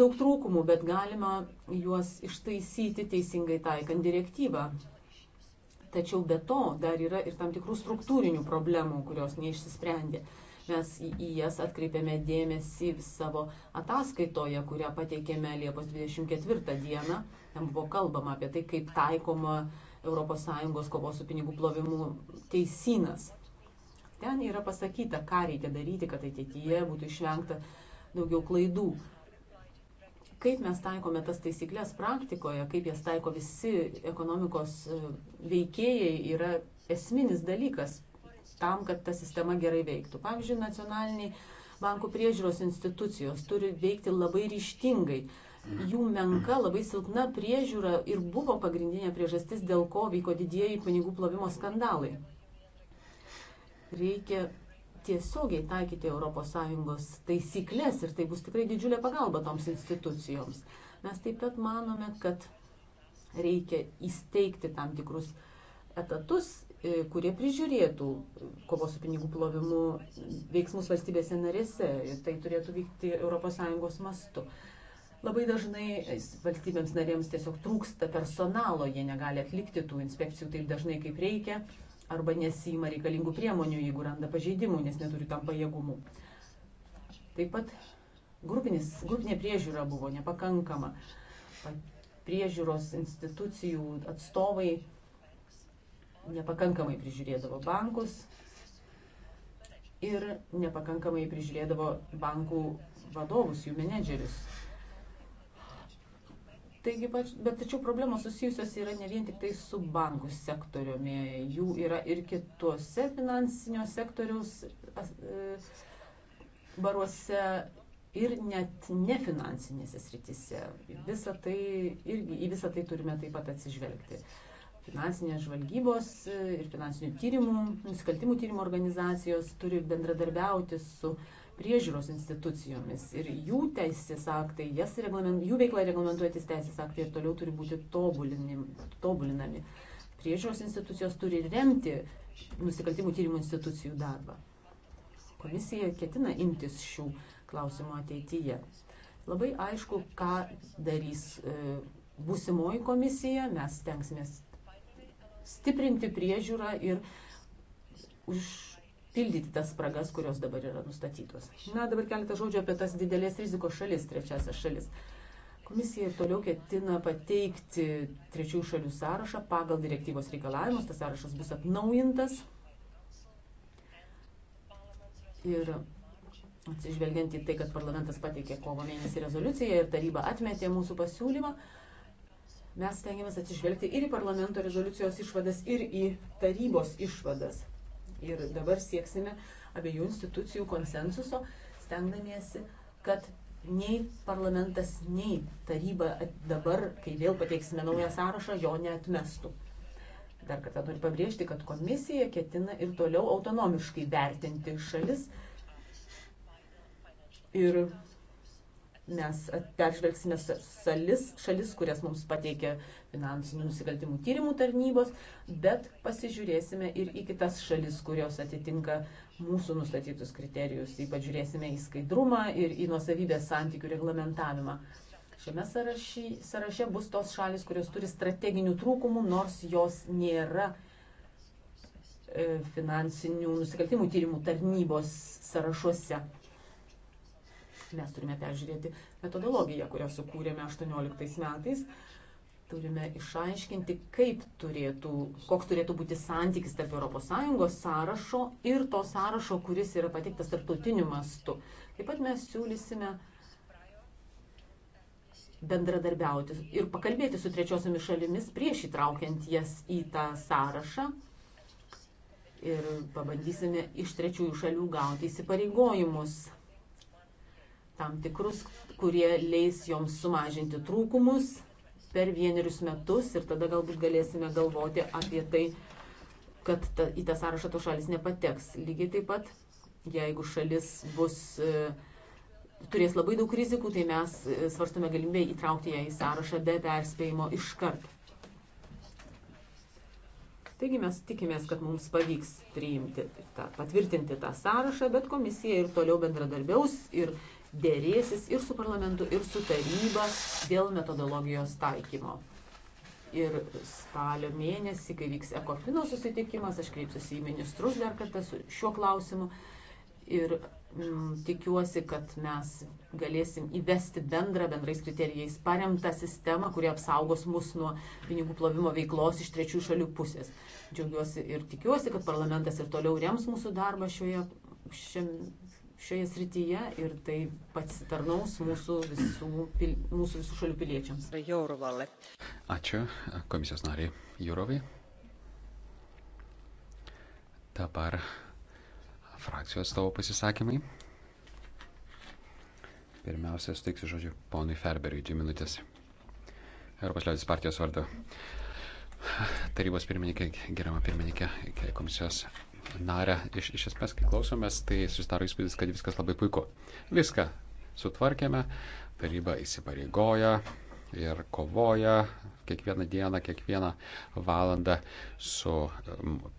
daug trūkumų, bet galima juos ištaisyti teisingai taikant direktyvą. Tačiau be to dar yra ir tam tikrų struktūrinių problemų, kurios neišsisprendė. Mes į jas atkreipėme dėmesį savo ataskaitoje, kurią pateikėme Liepos 24 dieną. Ten buvo kalbama apie tai, kaip taikoma ES kovos su pinigų plovimu teisinas. Ten yra pasakyta, ką reikia daryti, kad ateityje būtų išvengta daugiau klaidų kaip mes taikome tas taisyklės praktikoje, kaip jas taiko visi ekonomikos e, veikėjai, yra esminis dalykas tam, kad ta sistema gerai veiktų. Pavyzdžiui, nacionaliniai bankų priežiūros institucijos turi veikti labai ryštingai. Jų menka, labai silpna priežiūra ir buvo pagrindinė priežastis, dėl ko vyko didieji pinigų plovimo skandalai. Reikia tiesiogiai taikyti ES taisyklės ir tai bus tikrai didžiulė pagalba toms institucijoms. Mes taip pat manome, kad reikia įsteigti tam tikrus etatus, e, kurie prižiūrėtų kovos su pinigų plovimu veiksmus valstybėse narėse ir tai turėtų vykti ES mastu. Labai dažnai valstybėms narėms tiesiog trūksta personalo, jie negali atlikti tų inspekcijų taip dažnai kaip reikia arba nesima reikalingų priemonių, jeigu randa pažeidimų, nes neturi tam pajėgumų. Taip pat grupinis, grupinė priežiūra buvo nepakankama. Priežiūros institucijų atstovai nepakankamai prižiūrėdavo bankus ir nepakankamai prižiūrėdavo bankų vadovus, jų menedžerius. Taigi, bet tačiau problemos susijusios yra ne vien tik tai su bankų sektoriumi, jų yra ir kitose finansinio sektoriaus e, baruose ir net nefinansinėse srityse. Visa tai, irgi, į visą tai turime taip pat atsižvelgti. Finansinės žvalgybos e, ir finansinių tyrimų, nusikaltimų tyrimų organizacijos turi bendradarbiauti su uh, priežiūros institucijomis ir jų teisės aktai, reglament, jų veiklą reglamentuojantis teisės aktai ir toliau turi būti tobulinami. Priežiūros institucijos turi remti nusikaltimų tyrimų institucijų darbą. Komisija ketina imtis šių klausimų ateityje. Labai aišku, ką darys e, būsimoji komisija, mes tenksimės stiprinti priežiūrą ir už pildyti tas spragas, kurios dabar yra nustatytos. Na, dabar keletą žodžių apie tas didelės rizikos šalis, trečiasias šalis. Komisija ir toliau ketina pateikti trečiųjų šalių sąrašą pagal direktyvos reikalavimus. Tas sąrašas bus atnaujintas. Ir atsižvelgiant į tai, kad parlamentas pateikė kovo mėnesį rezoliuciją ir taryba atmetė mūsų pasiūlymą, mes stengiamės atsižvelgti ir į parlamento rezoliucijos išvadas, ir į tarybos išvadas. Ir dabar sieksime abiejų institucijų konsensuso, stengdamiesi, kad nei parlamentas, nei taryba dabar, kai vėl pateiksime naują sąrašą, jo neatmestų. Dar kartą noriu pabrėžti, kad komisija ketina ir toliau autonomiškai vertinti šalis ir Mes peržvelgsime šalis, šalis, kurias mums pateikė finansinių nusikaltimų tyrimų tarnybos, bet pasižiūrėsime ir į kitas šalis, kurios atitinka mūsų nustatytus kriterijus. Ypač žiūrėsime į skaidrumą ir į nuosavybės santykių reglamentavimą. Šiame sąraši, sąraše bus tos šalis, kurios turi strateginių trūkumų, nors jos nėra e, finansinių nusikaltimų tyrimų tarnybos sąrašuose. Mes turime peržiūrėti metodologiją, kurią sukūrėme 18 metais. Turime išaiškinti, kaip turėtų, koks turėtų būti santykis tarp ES sąrašo ir to sąrašo, kuris yra pateiktas tarptautiniu mastu. Taip pat mes siūlysime bendradarbiauti ir pakalbėti su trečiosiomis šalimis prieš įtraukiant jas į tą sąrašą. Ir pabandysime iš trečiųjų šalių gauti įsipareigojimus tam tikrus, kurie leis joms sumažinti trūkumus per vienerius metus ir tada galbūt galėsime galvoti apie tai, kad ta, į tą sąrašą to šalis nepateks. Lygiai taip pat, jeigu šalis bus, e, turės labai daug rizikų, tai mes e, svarstame galimybę įtraukti ją į sąrašą be perspėjimo iškart. Taigi mes tikimės, kad mums pavyks priimti, tą, patvirtinti tą sąrašą, bet komisija ir toliau bendradarbiaus ir dėrėsis ir su parlamentu, ir su taryba dėl metodologijos taikymo. Ir spalio mėnesį, kai vyks ekofino susitikimas, aš kreipsiuosi į ministrus dar kartą su šiuo klausimu. Ir m, mm, tikiuosi, kad mes galėsim įvesti bendrą, bendrais kriterijais paremtą sistemą, kuri apsaugos mus nuo pinigų plovimo veiklos iš trečių šalių pusės. Džiaugiuosi ir tikiuosi, kad parlamentas ir toliau rems mūsų darbą šioje, šiam, šioje srityje ir tai pasitarnaus mūsų visų, pil, mūsų visų šalių piliečiams. Ačiū komisijos nariai Jūrovai. Dabar frakcijos tavo pasisakymai. Pirmiausia, suteiksiu žodžiu ponui Ferberiui, dvi minutės. Europos liaudės partijos vardu. Tarybos pirmininkė, gerama pirmininkė, komisijos narę iš, iš esmės, kai klausomės, tai susidaro įspūdis, kad viskas labai puiku. Viską sutvarkėme, taryba įsipareigoja ir kovoja kiekvieną dieną, kiekvieną valandą su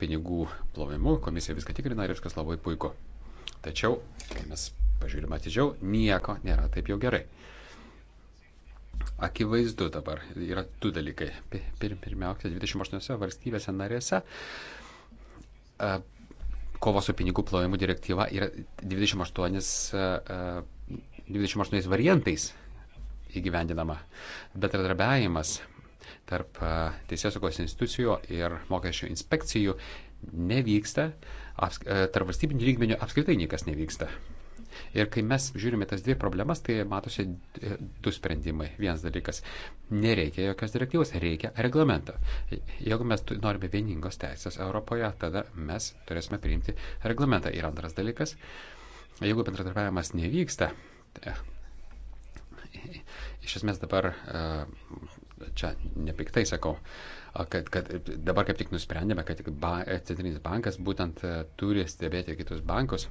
pinigų plovimu, komisija viską tikrina ir viskas labai puiku. Tačiau, kai mes pažiūrime atidžiau, nieko nėra taip jau gerai. Akivaizdu dabar yra du dalykai. Pirmiausia, 28 valstybėse narėse E, kovo su pinigų plovimu direktyva yra 28, 28 e, e, variantais įgyvendinama. Bendradarbiavimas tarp teisėsaugos institucijų ir mokesčių inspekcijų nevyksta, tarp valstybinių lygmenių apskritai niekas nevyksta. Ir kai mes žiūrime tas dvi problemas, tai matosi du sprendimai. Vienas dalykas - nereikia jokios direktyvos, reikia reglamento. Jeigu mes norime vieningos teisės Europoje, tada mes turėsime priimti reglamentą. Ir antras dalykas - jeigu bendradarbiavimas nevyksta, iš esmės dabar, e, čia nepiktai sakau, kad, kad dabar kaip tik nusprendėme, kad tik ba, Centrinis bankas būtent e, turi stebėti kitus bankus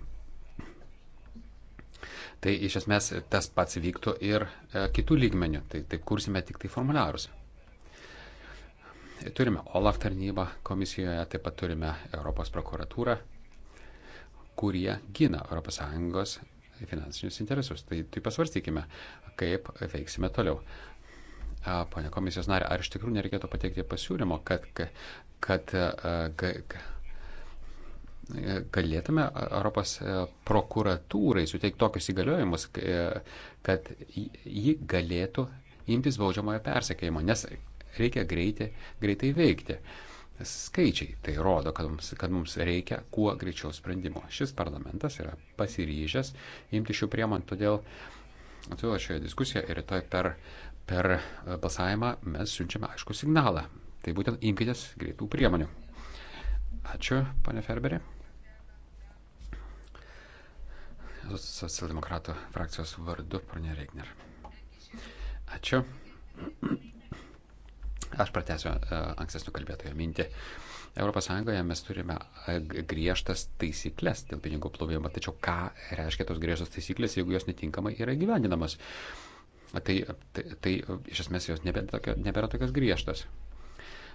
tai iš esmės tas pats vyktų ir e, kitų lygmenių. Tai taip kursime tik tai formuliarus. Turime OLAF tarnybą komisijoje, taip pat turime Europos prokuratūrą, kurie gina ES finansinius interesus. Tai, tai pasvarstykime, kaip veiksime toliau. Pone komisijos narė, ar iš tikrųjų nereikėtų pateikti pasiūlymo, kad, kad, e, kad galėtume Europos e, prokuratūrai suteikti tokius įgaliojimus, e, kad ji galėtų imtis baudžiamojo persekėjimo, nes reikia greitai, greitai veikti. Skaičiai tai rodo, kad mums, kad mums reikia kuo greičiau sprendimo. Šis parlamentas yra pasiryžęs imti šių priemonių, todėl, todėl šioje diskusijoje ir rytoj per, per e, balsavimą mes siunčiame aišku signalą. Tai būtent imkitės greitų priemonių. Ačiū, pane Ferberi socialdemokratų frakcijos vardu, ponė Reigner. Ačiū. Aš pratęsiu e, ankstesnių kalbėtojų mintį. ES mes turime e, griežtas taisyklės dėl pinigų plovimo, tačiau ką reiškia tos griežtas taisyklės, jeigu jos netinkamai yra gyvendinamos? Tai, tai, tai iš esmės jos nebėra, tokio, nebėra tokios griežtos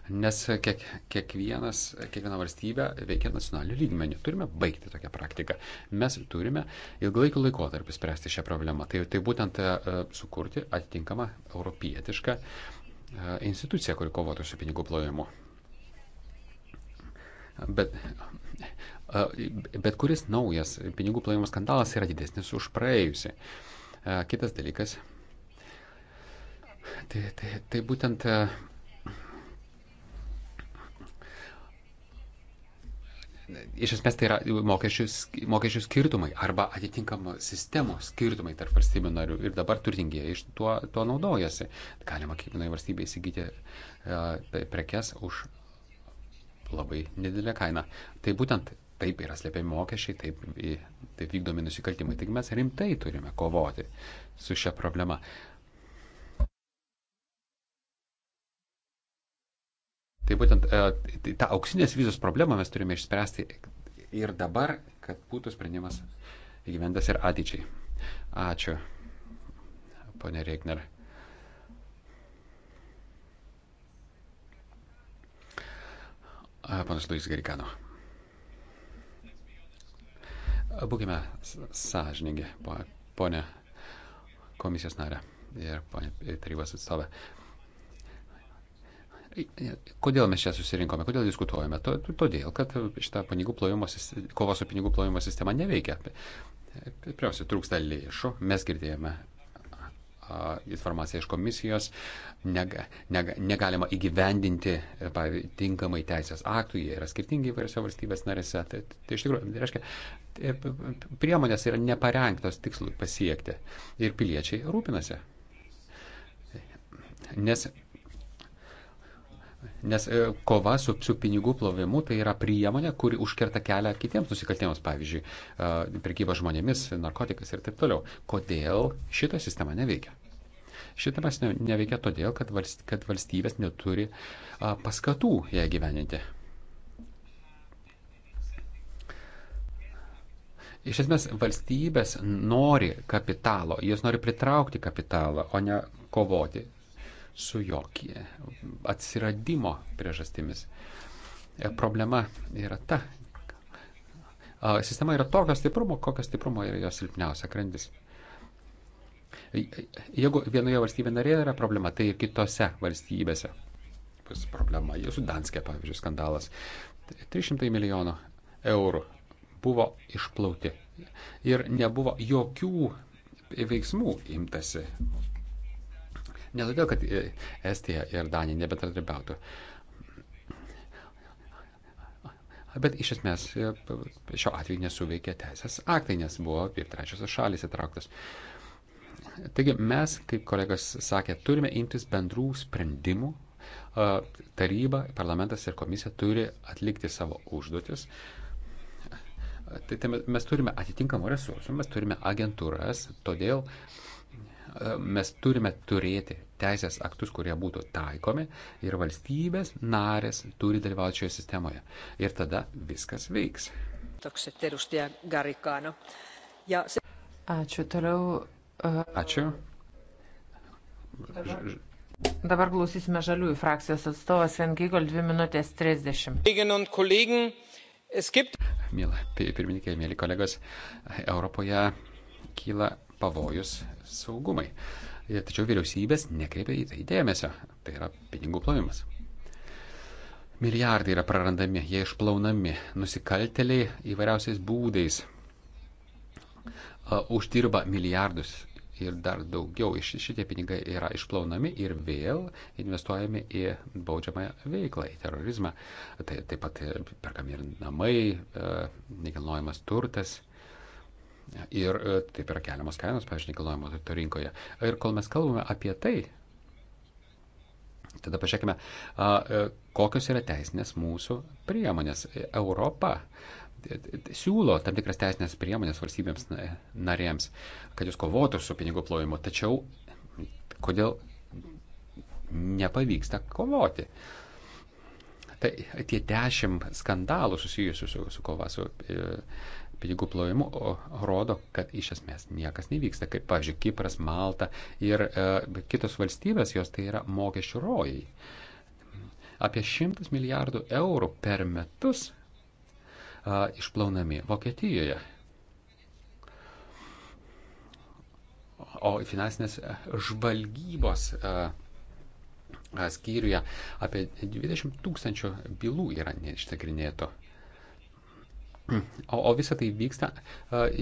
nes kiek, kiekvienas, kiekviena valstybė veikia nacionaliniu lygmeniu. Turime baigti tokią praktiką. Mes turime ilgalaikį laikotarpį spręsti šią problemą. Tai, tai būtent e, sukurti atitinkamą europietišką e, instituciją, kuri kovotų su pinigų plovimu. Bet, e, bet kuris naujas pinigų plovimo skandalas yra didesnis už praėjusi. Kitas dalykas. Tai, tai, tai būtent iš esmės tai yra mokesčių, mokesčių skirtumai arba atitinkamo sistemos skirtumai tarp valstybių narių ir dabar turtingieji iš tuo, tuo naudojasi. Galima kiekvienoje valstybėje įsigyti uh, prekes už labai nedidelę kainą. Tai būtent taip yra slėpiami mokesčiai, taip, taip vykdomi nusikaltimai. Taigi mes rimtai turime kovoti su šia problema. Uh, Tai būtent e, tą auksinės vizos problemą mes turime išspręsti ir dabar, kad būtų sprendimas įgyvendas ir ateičiai. Ačiū, ponė Reikner. Panas Luis Garikano. Būkime sąžiningi, ponė komisijos narė ir ponė e, tarybos atstovė. Kodėl mes čia susirinkome, kodėl diskutuojame? Todėl, kad šita plovimo, kova su pinigų plovimo sistema neveikia. Pirmiausia, trūksta lėšų, mes girdėjome informaciją iš komisijos, nega, nega, negalima įgyvendinti pavyzdžiui, tinkamai teisės aktų, jie yra skirtingi įvairiose valstybės narėse. Tai, tai iš tikrųjų, tai reiškia, e, priemonės yra neparengtos tikslui pasiekti ir piliečiai rūpinasi. Nes Nes e, kova su, su pinigų plovimu tai yra priemonė, kuri užkerta kelią kitiems nusikaltimams, pavyzdžiui, e, prekyba žmonėmis, narkotikas ir taip toliau. Kodėl šita sistema neveikia? Šitamas neveikia todėl, kad, valst, kad valstybės neturi paskatų ją gyveninti. Iš esmės, valstybės nori kapitalo, jos nori pritraukti kapitalą, o ne kovoti su jo atsiradimo priežastimis. E, problema yra ta, sistema yra tokio stiprumo, kokio stiprumo yra jos silpniausia grandis. E, e, jeigu vienoje valstybėje narėje yra problema, tai ir kitose valstybėse bus problema. Jūsų Danskė, pavyzdžiui, skandalas. 300 milijonų eurų buvo išplauti ir nebuvo jokių veiksmų imtasi Ne todėl, kad e, Estija ir Danija nebendradarbiautų. Bet iš esmės e, šiuo atveju nesuveikė teisės aktai, nes buvo ir trečiosios šalis įtrauktas. Taigi mes, kaip kolegas sakė, turime imtis bendrų sprendimų. E, taryba, parlamentas ir komisija turi atlikti savo užduotis. Tai, tai mes turime atitinkamų resursų, mes turime agentūras, todėl uh, mes turime turėti teisės aktus, kurie būtų taikomi ir valstybės narės turi dalyvauti šioje sistemoje. Ir tada viskas veiks. Ačiū toliau. E, Ačiū. Dabar, dabar klausysime žaliųjų frakcijos atstovas Venkygol 2 minutės 30. Mėla pirmininkė, mėly kolegos, Europoje kyla pavojus saugumai. E, tačiau vyriausybės nekreipia į tai dėmesio. Tai yra pinigų plovimas. Milijardai yra prarandami, jie išplaunami, nusikalteliai įvairiausiais būdais e, uždirba milijardus ir dar daugiau. Šitie pinigai yra išplaunami ir vėl investuojami į baudžiamąją veiklą, į terorizmą. Tai taip pat perkami ir namai, e, nekilnojamas turtas. Ir e, taip yra keliamos kainos, pavyzdžiui, nekilnojamo turto rinkoje. Ir kol mes kalbame apie tai, tada pažiūrėkime, e, kokios yra teisinės mūsų priemonės. Europa e, siūlo tam tikras teisinės priemonės valstybėms narėms, kad jūs kovotų su pinigų plovimu, tačiau kodėl nepavyksta kovoti? Tai tie dešimt skandalų susijusių su, su kova su e, pinigų plovimu rodo, kad iš esmės niekas nevyksta, kaip, pavyzdžiui, Kipras, Malta ir e, kitos valstybės, jos tai yra mokesčių rojai. Apie 100 milijardų eurų per metus e, išplaunami Vokietijoje. O finansinės žvalgybos e, e skyriuje apie 20 tūkstančių bylų yra neišnagrinėto. O, o visa tai vyksta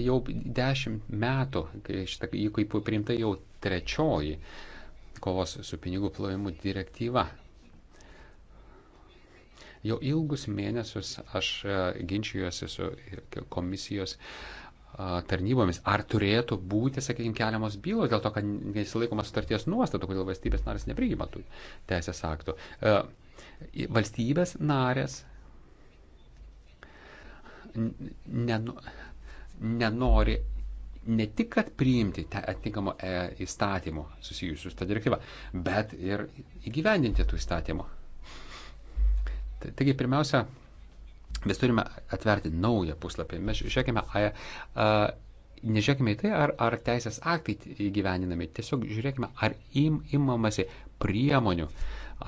jau dešimt metų, kai, šita, kai priimta jau trečioji kovos su pinigų plovimu direktyva. Jau ilgus mėnesius aš ginčiuosi su komisijos tarnybomis, ar turėtų būti, sakykime, keliamos bylos dėl to, kad nesilaikoma sutarties nuostatų, kodėl valstybės narės nepriima tų teisės aktų. Valstybės narės nenori ne tik, kad priimti atitinkamą e, įstatymų susijusių su tą direktyvą, bet ir įgyvendinti tų įstatymų. Taigi, pirmiausia, mes turime atverti naują puslapį. Mes žiūrėkime, a, a, nežiūrėkime į tai, ar, ar teisės aktai įgyvendinami, tiesiog žiūrėkime, ar im, imamasi priemonių,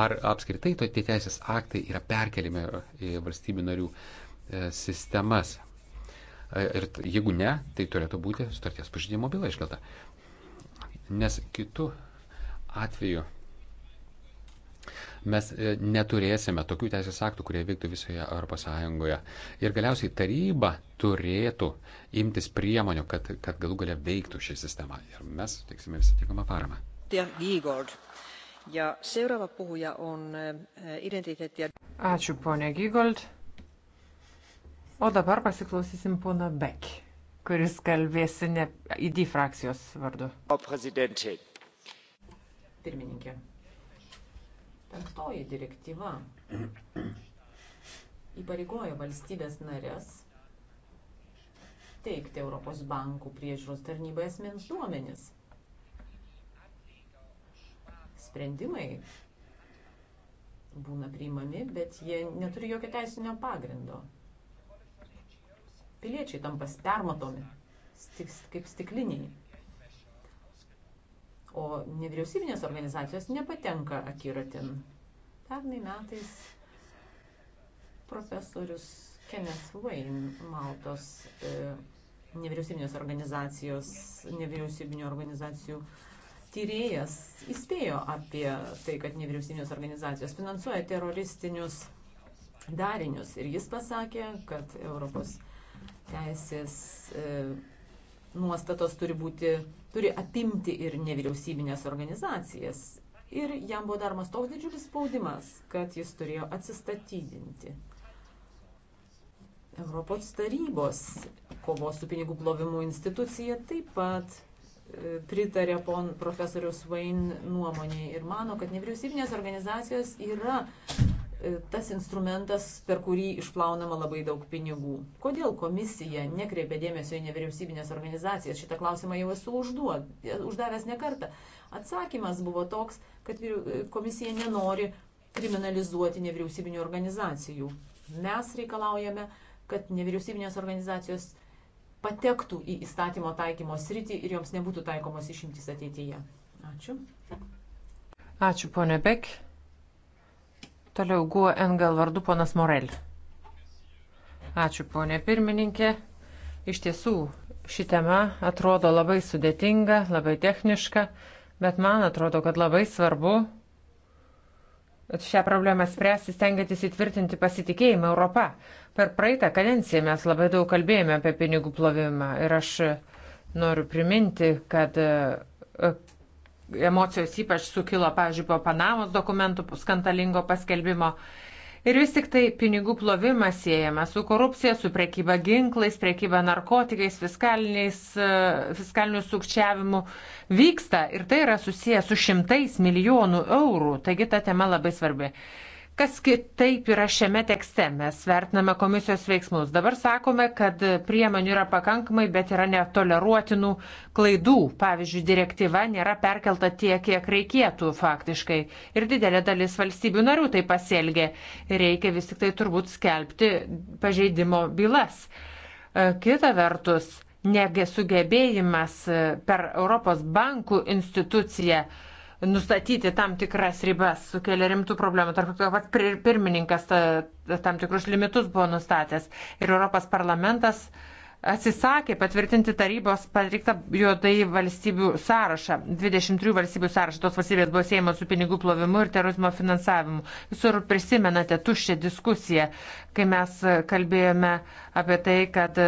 ar apskritai to tie teisės aktai yra perkeliami į valstybių narių uh, E, sistemas. E, ir jeigu ne, tai turėtų būti sutarties pažydimo byla iškelta. Nes kitų atveju mes e, neturėsime tokių teisės aktų, kurie veiktų visoje ES. Ir galiausiai taryba turėtų imtis priemonių, kad, kad galų galia veiktų ši sistema. Ir mes teiksime visą tinkamą paramą. Ačiū, ponė Gygold. O dabar pasiklausysim pono Bek, kuris kalbės ne ID frakcijos vardu. O prezidentė. Pirmininkė. Penktoji direktyva įpareigoja valstybės narės teikti Europos bankų priežiūros tarnybai asmens duomenis. Sprendimai būna priimami, bet jie neturi jokio teisinio pagrindo piliečiai tampa permatomi, stik, kaip stikliniai. O nevyriausybinės organizacijos nepatenka akiratin. Pernai metais profesorius Kenneth Wayne Maltos e, nevyriausybinės organizacijos, nevyriausybinio organizacijų tyrėjas įspėjo apie tai, kad nevyriausybinės organizacijos finansuoja teroristinius darinius. Ir jis pasakė, kad Europos teisės e, nuostatos turi, būti, turi apimti ir nevyriausybinės organizacijas. Ir jam buvo daromas toks didžiulis spaudimas, kad jis turėjo atsistatydinti. Europos tarybos kovos su pinigų plovimu institucija taip pat e, pritarė pon profesorius Vain nuomonė ir mano, kad nevyriausybinės organizacijos yra E, tas instrumentas, per kurį išplaunama labai daug pinigų. Kodėl komisija nekreipia dėmesio į nevyriausybinės organizacijas? Šitą klausimą jau esu užduod, uždavęs ne kartą. Atsakymas buvo toks, kad e, komisija nenori kriminalizuoti nevyriausybinių organizacijų. Mes reikalaujame, kad nevyriausybinės organizacijos patektų į įstatymo taikymo sritį ir joms nebūtų taikomos išimtis ateityje. Ačiū. Ačiū, ponė Bek. Toliau guo Engel vardu ponas Morel. Ačiū, ponė pirmininkė. Iš tiesų, ši tema atrodo labai sudėtinga, labai techniška, bet man atrodo, kad labai svarbu šią problemą spręsti, stengiantis įtvirtinti pasitikėjimą Europą. Per praeitą kadenciją mes labai daug kalbėjome apie pinigų plovimą ir aš noriu priminti, kad emocijos ypač sukilo, pavyzdžiui, po Panamos dokumentų skandalingo paskelbimo. Ir vis tik tai pinigų plovimas siejama su korupcija, su prekyba ginklais, prekyba narkotikais, fiskaliniu sukčiavimu vyksta ir tai yra susijęs su šimtais milijonų eurų. Taigi ta tema labai svarbi. Kas kitaip yra šiame tekste? Mes vertiname komisijos veiksmus. Dabar sakome, kad priemonių yra pakankamai, bet yra netoleruotinų klaidų. Pavyzdžiui, direktyva nėra perkelta tiek, kiek reikėtų faktiškai. Ir didelė dalis valstybių narių tai pasielgė. Reikia vis tik tai turbūt skelbti pažeidimo bylas. E, kita vertus, nesugebėjimas e, per Europos bankų instituciją nustatyti tam tikras ribas sukelia rimtų problemų. Tarp to pat pirmininkas tam tikrus limitus buvo nustatęs ir Europos parlamentas uh, atsisakė patvirtinti tarybos padaryktą juodai valstybių sąrašą. 23 valstybių sąrašą tos valstybės buvo siejamos su pinigų plovimu ir terorizmo finansavimu. Visur prisimenate tuščią diskusiją, kai mes kalbėjome apie tai, kad e,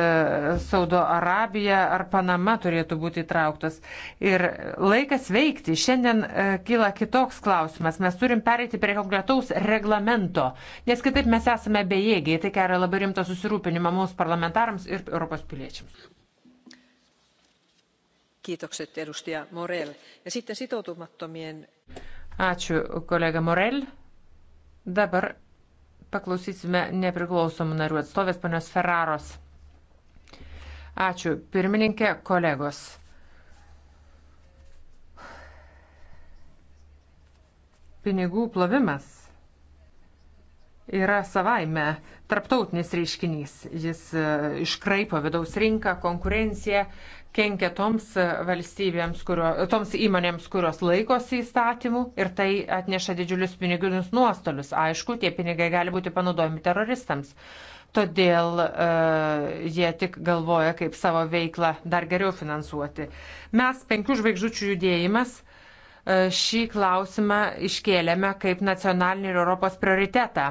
Saudo Arabija ar Panama turėtų būti įtrauktos. Ir laikas veikti. Šiandien e, kyla kitoks klausimas. Mes turim pereiti prie konkretaus reglamento, nes kitaip mes esame bejėgiai. Tai kelia labai rimtą susirūpinimą mums parlamentarams ir Europos mūsų piliečiams. Kiitokset, edustaja Morel. Ja sitten sitoutumattomien. Ačiū, kolega Morel. Dabar paklausysime nepriklausomų narių atstovės ponios Ferraros. Ačiū, pirmininkė, kolegos. Pinigų plovimas yra savaime tarptautinis reiškinys. Jis e, iškraipo vidaus rinką, konkurenciją, kenkia toms valstybėms, kurio, toms įmonėms, kurios laikosi įstatymų ir tai atneša didžiulius piniginius nuostolius. Aišku, tie pinigai gali būti panaudojami teroristams. Todėl uh, e, jie tik galvoja, kaip savo veiklą dar geriau finansuoti. Mes, penkių žvaigždžių judėjimas, E, šį klausimą iškėlėme kaip nacionalinį ir Europos prioritetą.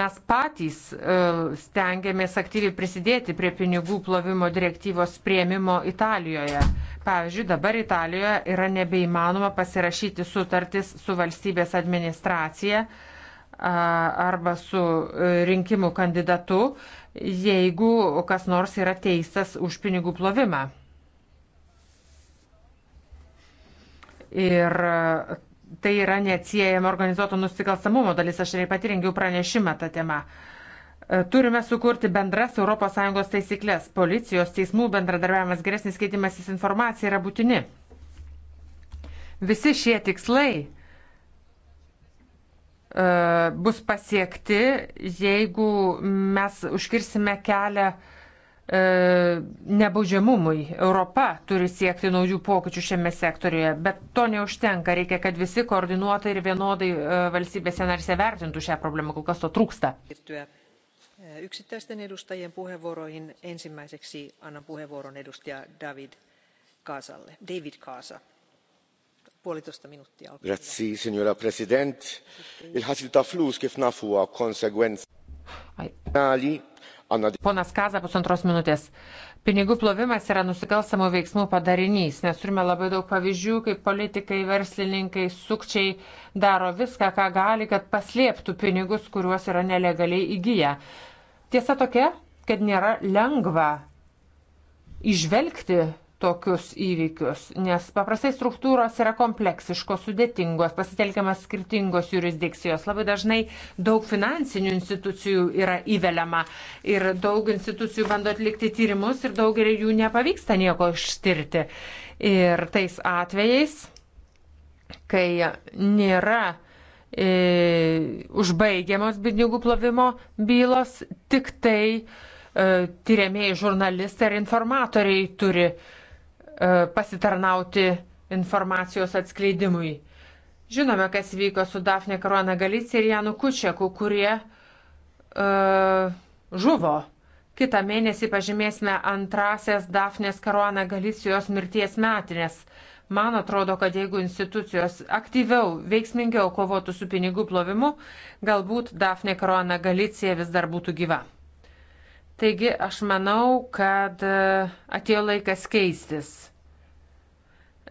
Mes patys e, stengiamės aktyviai prisidėti prie pinigų plovimo direktyvos prieimimo Italijoje. Pavyzdžiui, dabar Italijoje yra nebeįmanoma pasirašyti sutartis su valstybės administracija e, arba su rinkimų kandidatu, jeigu kas nors yra teistas už pinigų plovimą. Ir e, tai yra neatsiejama organizuoto nusikalstamumo dalis. Aš ir pati rengiau pranešimą tą temą. E, turime sukurti bendras ES taisyklės. Policijos, teismų bendradarbiavimas, geresnis keitimasis informacija yra būtini. Visi šie tikslai e, bus pasiekti, jeigu mes užkirsime kelią uh, E, nebaudžiamumui. Europa turi siekti naujų pokyčių šiame sektoriuje, bet to neužtenka. Reikia, kad visi koordinuotai ir vienodai e, valstybėse narse vertintų šią problemą, kol kas to trūksta. E, yksittäisten edustajien puheenvuoroihin ensimmäiseksi annan puheenvuoron edustaja David Kaasalle. David Kaasa. Puolitoista minuuttia. Grazzi, signora President. Il-ħasil ta' flus kif nafuwa konsegwenzi Ponas Kaza, pusantros minutės. Pinigų plovimas yra nusikalstamų veiksmų padarinys, nes turime labai daug pavyzdžių, kaip politikai, verslininkai, sukčiai daro viską, ką gali, kad paslėptų pinigus, kuriuos yra nelegaliai įgyję. Tiesa tokia, kad nėra lengva išvelgti tokius įvykius, nes paprastai struktūros yra kompleksiškos, sudėtingos, pasitelkiamas skirtingos jurisdikcijos. Labai dažnai daug finansinių institucijų yra įveliama ir daug institucijų bando atlikti tyrimus ir daugelį jų nepavyksta nieko ištirti. Ir tais atvejais, kai nėra e, užbaigiamos pinigų plovimo bylos, tik tai e, tyriamieji žurnalistai ar informatoriai turi e, E, pasitarnauti informacijos atskleidimui. Žinome, kas vyko su Dafne Karuana Galicija ir Janu Kučiaku, kurie uh, žuvo. Kita mėnesį pažymėsime antrasias Dafnės Karuana Galicijos mirties metinės. Man atrodo, kad jeigu institucijos aktyviau, veiksmingiau kovotų su pinigų plovimu, galbūt Dafne Karuana Galicija vis dar būtų gyva. Taigi aš manau, kad e, atėjo laikas keistis.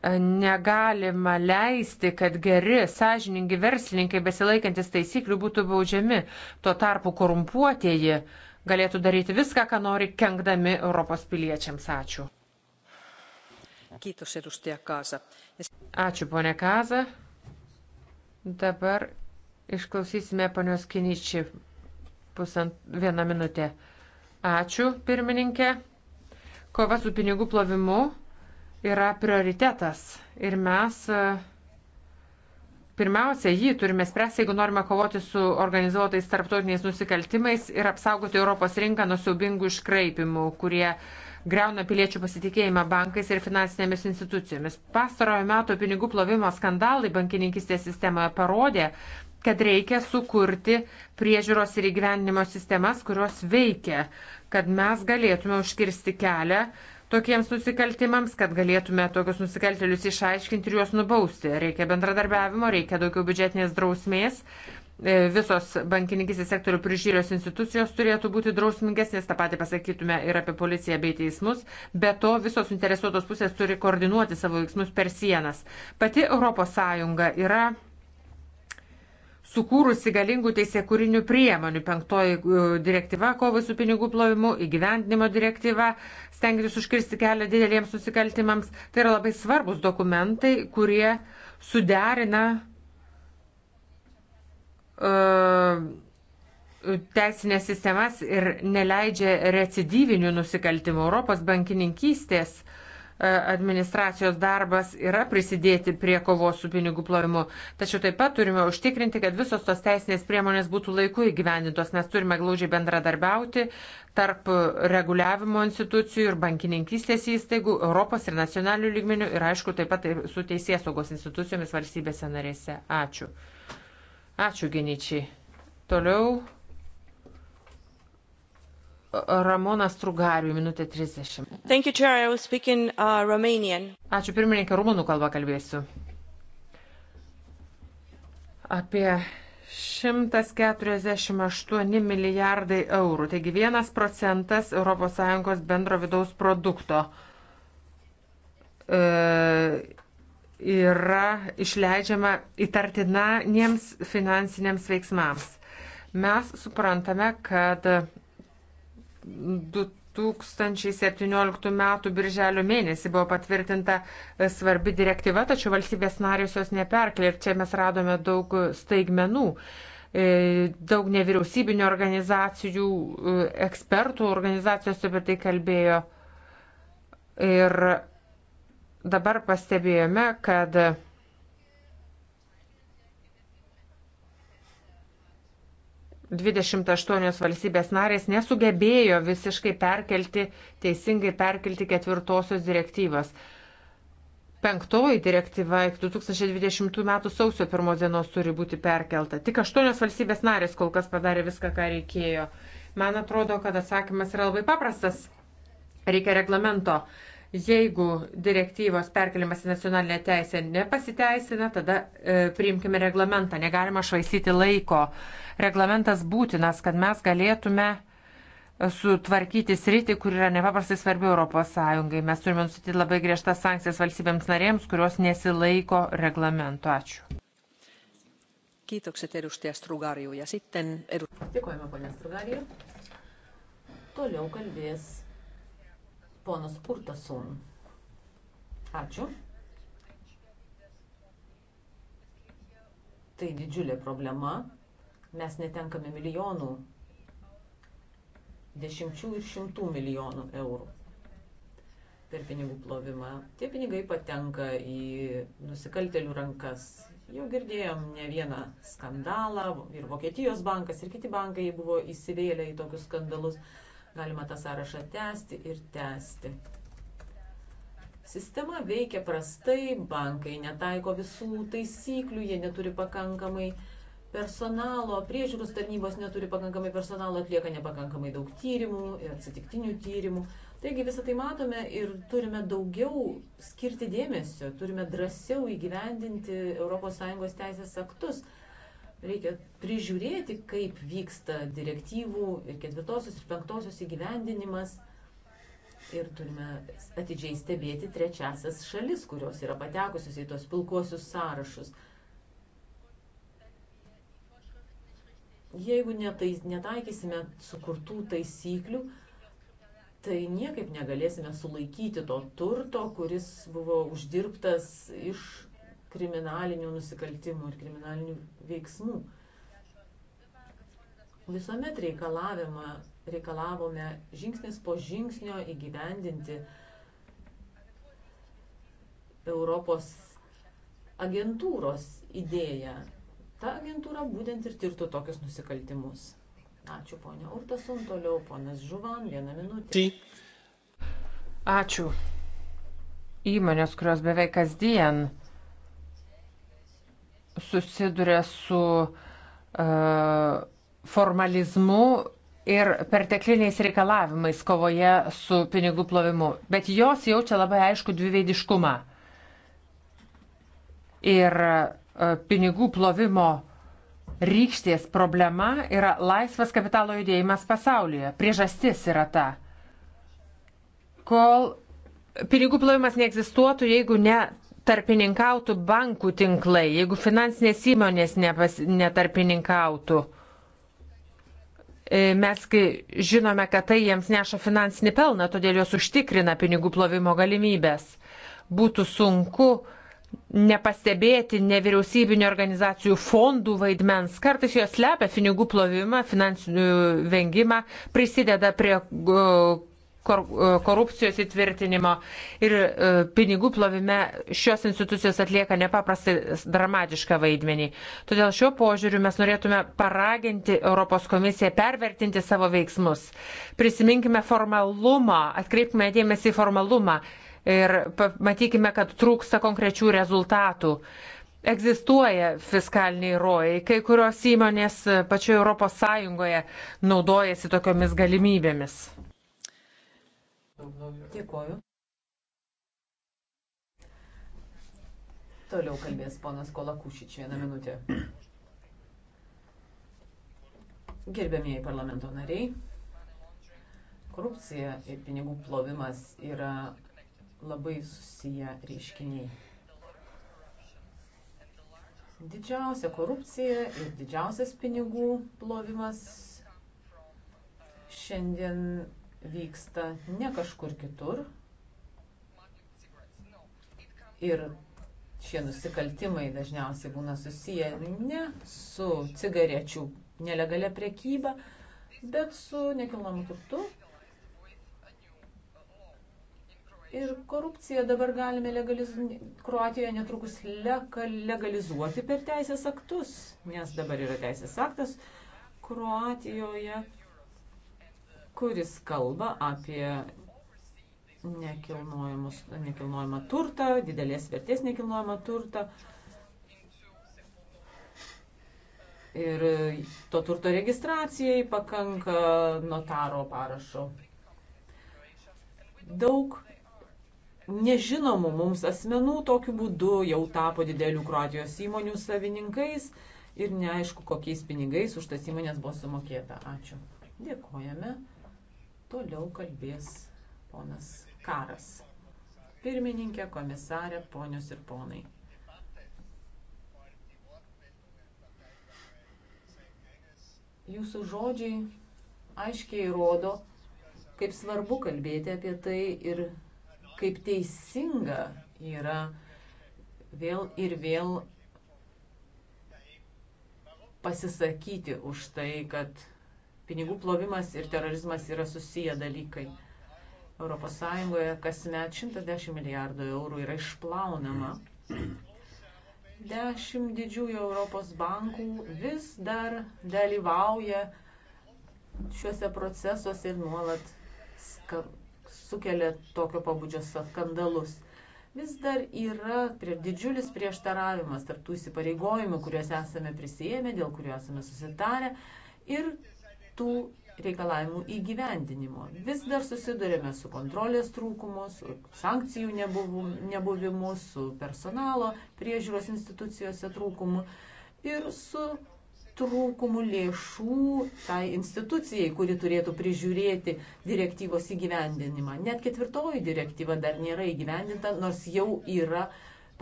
E, negalima leisti, kad geri, sąžiningi verslininkai besilaikantis taisyklių būtų baudžiami, tuo tarpu korumpuotieji galėtų daryti viską, ką nori, kenkdami Europos piliečiams. Ačiū. Kiitos, edustaja Kaasa. Ačiū, ponė Kaza. Dabar išklausysime ponios Kiničiai pusant vieną minutę. Ačiū, pirmininkė. Kova su pinigų plovimu yra prioritetas ir mes e, pirmiausia jį turime spręsti, jeigu norime kovoti su organizuotais tarptautiniais nusikaltimais ir apsaugoti Europos rinką nuo siaubingų iškraipimų, kurie greuna piliečių pasitikėjimą bankais ir finansinėmis institucijomis. Pastarojo metų pinigų plovimo skandalai bankininkistės sistemoje parodė, kad reikia sukurti priežiūros ir įgyvendinimo sistemas, kurios veikia, kad mes galėtume užkirsti kelią tokiems nusikaltimams, kad galėtume tokius nusikaltelius išaiškinti ir juos nubausti. Reikia bendradarbiavimo, reikia daugiau biudžetinės drausmės. E, visos bankininkisės sektorių prižiūrės institucijos turėtų būti drausmingesnės, tą patį pasakytume ir apie policiją bei teismus. Be to, visos interesuotos pusės turi koordinuoti savo veiksmus per sienas. Pati ES yra sukūrusi galingų teisėkūrinių priemonių. Penktoji e, direktyva kovai su pinigų plovimu, įgyvendinimo direktyva, stengiantis užkirsti kelią dideliems nusikaltimams. Tai yra labai svarbus dokumentai, kurie suderina uh, teisinės sistemas ir neleidžia recidyvinių nusikaltimų. Europos bankininkystės uh, E, administracijos darbas yra prisidėti prie kovos su pinigų plovimu. Tačiau taip pat turime užtikrinti, kad visos tos teisinės priemonės būtų laiku įgyvendintos. Mes turime glaudžiai bendradarbiauti tarp reguliavimo institucijų ir bankininkystės įstaigų, Europos ir nacionalių lygmenių ir aišku taip pat su teisės saugos institucijomis valstybėse narėse. Ačiū. Ačiū, Geničiai. Toliau Ramonas Trugariu, minutė 30. Thank you, Chair. I was speaking uh, Romanian. Ačiū pirmininkė, rumunų kalbą kalbėsiu. Apie 148 milijardai eurų, taigi vienas procentas ES bendro vidaus produkto e, yra išleidžiama įtartiniems finansiniams veiksmams. Mes suprantame, kad 2017 m. birželio mėnesį buvo patvirtinta e, svarbi direktyva, tačiau valstybės narės jos neperklė ir čia mes radome daug staigmenų. E, daug nevyriausybinio organizacijų, e, ekspertų organizacijos apie tai kalbėjo. Ir dabar pastebėjome, kad 28 valstybės narės nesugebėjo visiškai perkelti, teisingai perkelti ketvirtosios direktyvos. Penktoji direktyva iki 2020 m. sausio pirmos dienos turi būti perkelta. Tik aštuonios valstybės narės kol kas padarė viską, ką reikėjo. Man atrodo, kad atsakymas yra labai paprastas. Reikia reglamento. Jeigu direktyvos perkelimas į nacionalinę teisę nepasiteisina, tada e, priimkime reglamentą. Negalima švaistyti laiko. Reglamentas būtinas, kad mes galėtume sutvarkyti sritį, kur yra nepaprastai svarbi Europos Sąjungai. Mes turime nusityti labai griežtas sankcijas valstybėms narėms, kurios nesilaiko reglamento. Ačiū. Kiitokset edustaja Strugariu ja sitten edu... Dėkojame, ponia Strugariu. Toliau kalbės Ponas Urtasun. Ačiū. Tai didžiulė problema. Mes netenkame milijonų, dešimčių ir šimtų milijonų eurų per pinigų plovimą. Tie pinigai patenka į nusikaltelių rankas. Jau girdėjom ne vieną skandalą, ir Vokietijos bankas, ir kiti bankai buvo įsivėlę į tokius skandalus. Galima tą sąrašą tęsti ir tęsti. Sistema veikia prastai, bankai netaiko visų taisyklių, jie neturi pakankamai personalo, priežiūros tarnybos neturi pakankamai personalo, atlieka nepakankamai daug tyrimų ir atsitiktinių tyrimų. Taigi visą tai matome ir turime daugiau skirti dėmesio, turime drąsiau įgyvendinti ES teisės aktus reikia prižiūrėti, kaip vyksta direktyvų ir ketvirtosios ir penktosios įgyvendinimas. Ir turime atidžiai stebėti trečiasias šalis, kurios yra patekusios į tos pilkuosius sąrašus. Jeigu netais, netaikysime sukurtų taisyklių, tai niekaip negalėsime sulaikyti to turto, kuris buvo uždirbtas iš kriminalinių nusikaltimų ir kriminalinių veiksmų. Visuomet reikalavome žingsnis po žingsnio įgyvendinti Europos agentūros idėją. Ta agentūra būtent ir tirtų tokius nusikaltimus. Ačiū ponia Urtasun, toliau ponas Žuvan, vieną minutę. Ačiū. Įmonės, kurios beveik kasdien susiduria su uh, formalizmu ir pertekliniais reikalavimais kovoje su pinigų plovimu. Bet jos jaučia labai aišku dviveidiškumą. Ir uh, pinigų plovimo rykštės problema yra laisvas kapitalo judėjimas pasaulyje. Priežastis yra ta. Kol pinigų plovimas neegzistuotų, jeigu ne tarpininkautų bankų tinklai, jeigu finansinės įmonės nepas, netarpininkautų. E, mes žinome, kad tai jiems neša finansinį pelną, todėl jos užtikrina pinigų plovimo galimybės. Būtų sunku nepastebėti nevyriausybinio organizacijų fondų vaidmens. Kartais jos slepia pinigų plovimą, finansinių vengimą, prisideda prie e, E, korupcijos įtvirtinimo ir e, pinigų plovime šios institucijos atlieka nepaprastai dramatišką vaidmenį. Todėl šiuo požiūriu mes norėtume paraginti Europos komisiją pervertinti savo veiksmus. Prisiminkime formalumą, atkreipkime dėmesį į formalumą ir matykime, kad trūksta konkrečių rezultatų. Egzistuoja fiskaliniai rojai, kai kurios įmonės pačioje Europos Sąjungoje naudojasi tokiomis galimybėmis. Dėkoju. Toliau kalbės ponas Kolakušič vieną minutę. Gerbėmieji parlamento nariai, korupcija ir pinigų plovimas yra labai susiję reiškiniai. Didžiausia korupcija ir didžiausias pinigų plovimas šiandien vyksta ne kažkur kitur. Ir šie nusikaltimai dažniausiai būna susiję ne su cigarečių nelegalia priekyba, bet su nekilnojamu turtu. Ir korupciją dabar galime legalizuoti, Kroatijoje netrukus legalizuoti per teisės aktus, nes dabar yra teisės aktas Kroatijoje kuris kalba apie nekilnojamą turtą, didelės vertės nekilnojamą turtą. Ir to turto registracijai pakanka notaro parašo. Daug nežinomų mums asmenų tokiu būdu jau tapo didelių Kroatijos įmonių savininkais ir neaišku, kokiais pinigais už tas įmonės buvo sumokėta. Ačiū. Dėkojame. Toliau kalbės ponas Karas. Pirmininkė, komisarė, ponios ir ponai. Jūsų žodžiai aiškiai rodo, kaip svarbu kalbėti apie tai ir kaip teisinga yra vėl ir vėl pasisakyti už tai, kad Pinigų plovimas ir terorizmas yra susiję dalykai. ES kasmet 110 milijardų eurų yra išplaunama. Dešimt didžiųjų Europos bankų vis dar dalyvauja šiuose procesuose ir nuolat ska, sukelia tokio pabudžio skandalus. Vis dar yra prie, didžiulis prieštaravimas tarp tų įsipareigojimų, kuriuos esame prisėmę, dėl kurių esame susitarę, ir tų reikalavimų įgyvendinimo. Vis dar susidurėme su kontrolės trūkumu, su sankcijų nebuvimu, su personalo priežiūros institucijose trūkumu ir su trūkumu lėšų tai institucijai, kuri turėtų prižiūrėti direktyvos įgyvendinimą. Net ketvirtoji direktyva dar nėra įgyvendinta, nors jau yra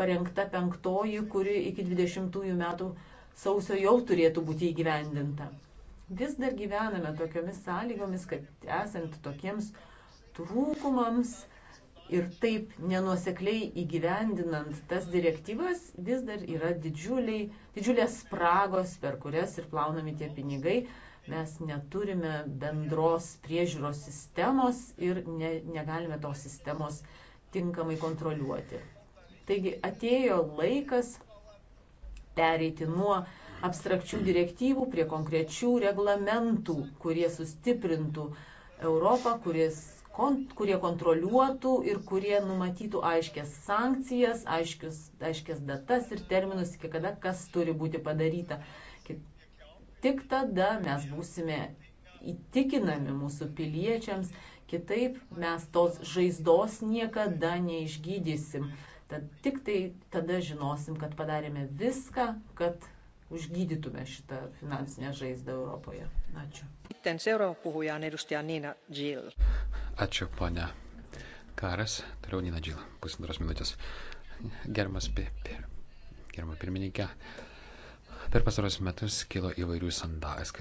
parengta penktoji, kuri iki 20 metų sausio jau turėtų būti įgyvendinta vis dar gyvename tokiomis sąlygomis, kad esant tokiems trūkumams ir taip nenuosekliai įgyvendinant tas direktyvas, vis dar yra didžiuliai, didžiulės spragos, per kurias ir plaunami tie pinigai. Mes neturime bendros priežiūros sistemos ir ne, negalime tos sistemos tinkamai kontroliuoti. Taigi atėjo laikas pereiti nuo abstrakčių direktyvų prie konkrečių reglamentų, kurie sustiprintų Europą, kuris, kon, kurie kontroliuotų ir kurie numatytų aiškias sankcijas, aiškius, aiškias datas ir terminus, iki kada kas turi būti padaryta. Tik tada mes būsime įtikinami mūsų piliečiams, kitaip mes tos žaizdos niekada neišgydysim. Tad tik tai tada žinosim, kad padarėme viską, kad užgydytume šitą finansinę žaizdą Europoje. Ačiū. Ten seuraava puhuja on edustaja Nina Jill. Ačiū, ponia. Karas, toliau Nina Jill, pusantros minutės. Germas pir, pir, germa pirmininkė. Per pasaros metus kilo įvairių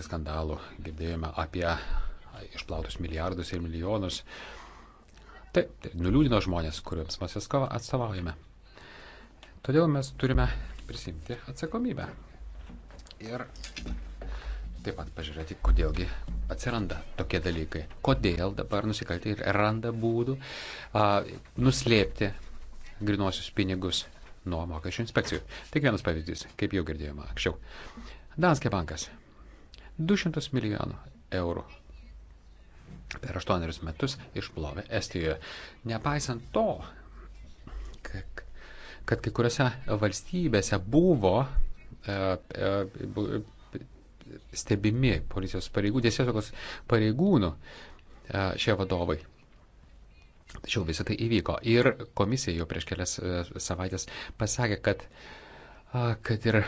skandalų. Girdėjome apie išplautus milijardus ir milijonus. Taip, tai nuliūdino žmonės, kuriuoms mes viską atstovaujame. Todėl mes turime prisimti atsakomybę ir taip pat pažiūrėti, kodėlgi atsiranda tokie dalykai. Kodėl dabar nusikaltėliai randa būdų a, nuslėpti grinuosius pinigus nuo mokesčių inspekcijų. Tik vienas pavyzdys, kaip jau girdėjome anksčiau. Danske bankas 200 milijonų eurų per 8 metus išplovė Estijoje. Nepaisant to, kad kai kuriuose valstybėse buvo E, e, stebimi policijos pareigų, tiesiogos pareigūnų e, šie vadovai. Tačiau visą tai įvyko. Ir komisija jau prieš kelias savaitės pasakė, kad, kad ir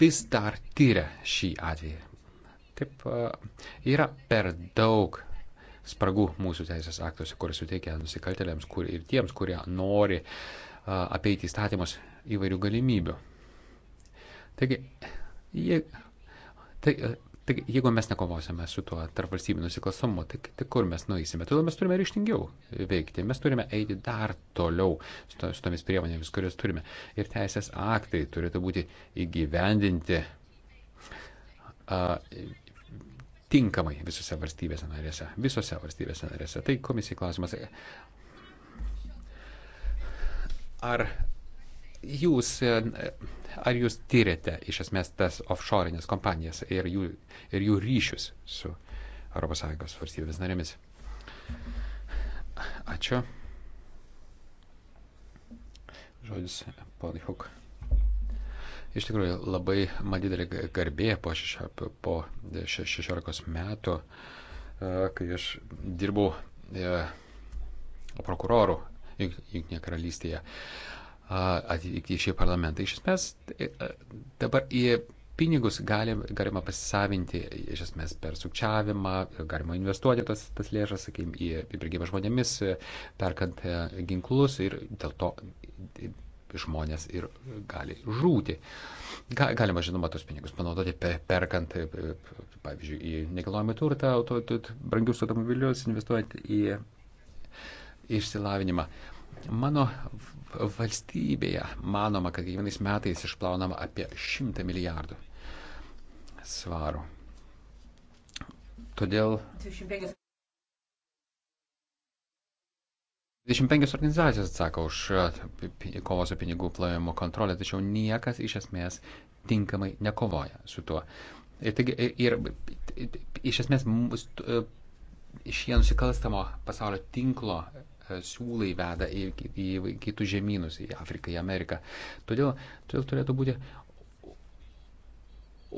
vis dar tyria šį atvejį. Taip, yra per daug spragų mūsų teisės aktuose, kuris suteikia nusikaltelėms kur, ir tiems, kurie nori apeiti įstatymus įvairių galimybių. Taigi, je, tai, tai, jeigu mes nekovosime su tuo tarp valstybių nusikalstamumu, tai, tai kur mes nueisime? Todėl mes turime ryštingiau veikti, mes turime eiti dar toliau su, to, su tomis priemonėmis, kurias turime. Ir teisės aktai turėtų būti įgyvendinti tinkamai visose valstybėse narėse. Visose valstybėse narėse. Tai komisijai klausimas. Ar jūs, e, ar jūs tyrėte iš esmės tas offshore'inės kompanijas ir jų, ir jų ryšius su ES valstybės narėmis? Ačiū. Žodis, ponai Huk. Iš tikrųjų, labai man didelė garbė po, šešia, po 16 metų, e, kai aš dirbau e, prokuroru Junktinėje karalystėje atvykti į šį parlamentą. Iš esmės e, e, dabar į pinigus galim, galima pasisavinti, iš esmės, per sukčiavimą, galima investuoti tas, tas lėšas, sakykime, į, į prekybą žmonėmis, perkant e, ginklus ir dėl to žmonės ir gali žūti. Ga, galima, žinoma, tos pinigus panaudoti perkant, pavyzdžiui, į nekilnojamą turtą, brangius automobilius, investuojant į išsilavinimą. Uh, Mano valstybėje manoma, kad kiekvienais metais išplaunama apie 100 milijardų svarų. Todėl 25, 25 organizacijos atsako už e, kovos su pinigų plovimo kontrolę, tačiau niekas iš esmės tinkamai nekovoja su tuo. E, e, ir, taigi, ir iš esmės šie nusikalstamo pasaulio tinklo siūlai veda į, į, į kitus žemynus, į Afriką, į Ameriką. Todėl, todėl turėtų būti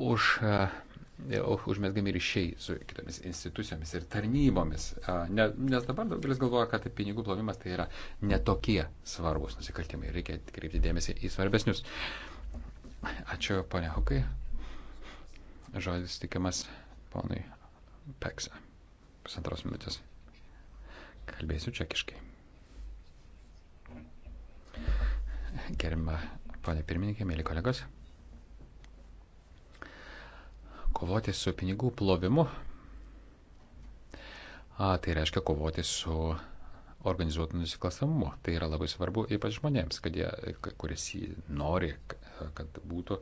už, uh, užmesgami ryšiai su kitomis institucijomis ir tarnybomis. Uh, ne, nes dabar daugelis galvoja, kad pinigų plovimas tai yra netokie svarbus nusikaltimai. Reikia kreipti dėmesį į svarbesnius. Ačiū, ponia Hukai. Žodis tikimas ponui Peksa. Pusantros minutės. Kalbėsiu čekiškai. Gerima ponė pirmininkė, mėly kolegos. Kovoti su pinigų plovimu. A, tai reiškia kovoti su organizuotų nusikalstamumu. Tai yra labai svarbu ypač žmonėms, kad jie, kuris nori, kad būtų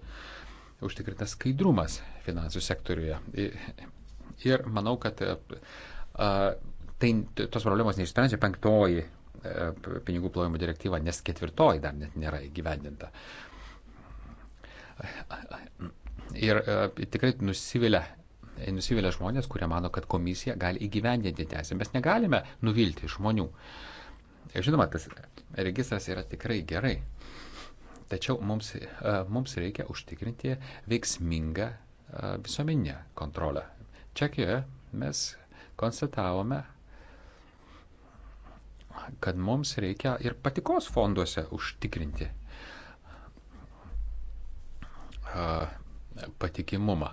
užtikrintas skaidrumas finansų sektoriuje. Ir manau, kad a, tai tos problemos neišsprendžia penktoji e, pinigų plovimo direktyva, nes ketvirtoji dar net nėra įgyvendinta. Ir e, tikrai nusivilia, nusivilia žmonės, kurie mano, kad komisija gali įgyvendinti teisę. Mes negalime nuvilti žmonių. Žinoma, tas registras yra tikrai gerai. Tačiau mums, e, mums reikia užtikrinti veiksmingą visuomeninę kontrolę. Čekijoje mes konstatavome, kad mums reikia ir patikos fonduose užtikrinti patikimumą.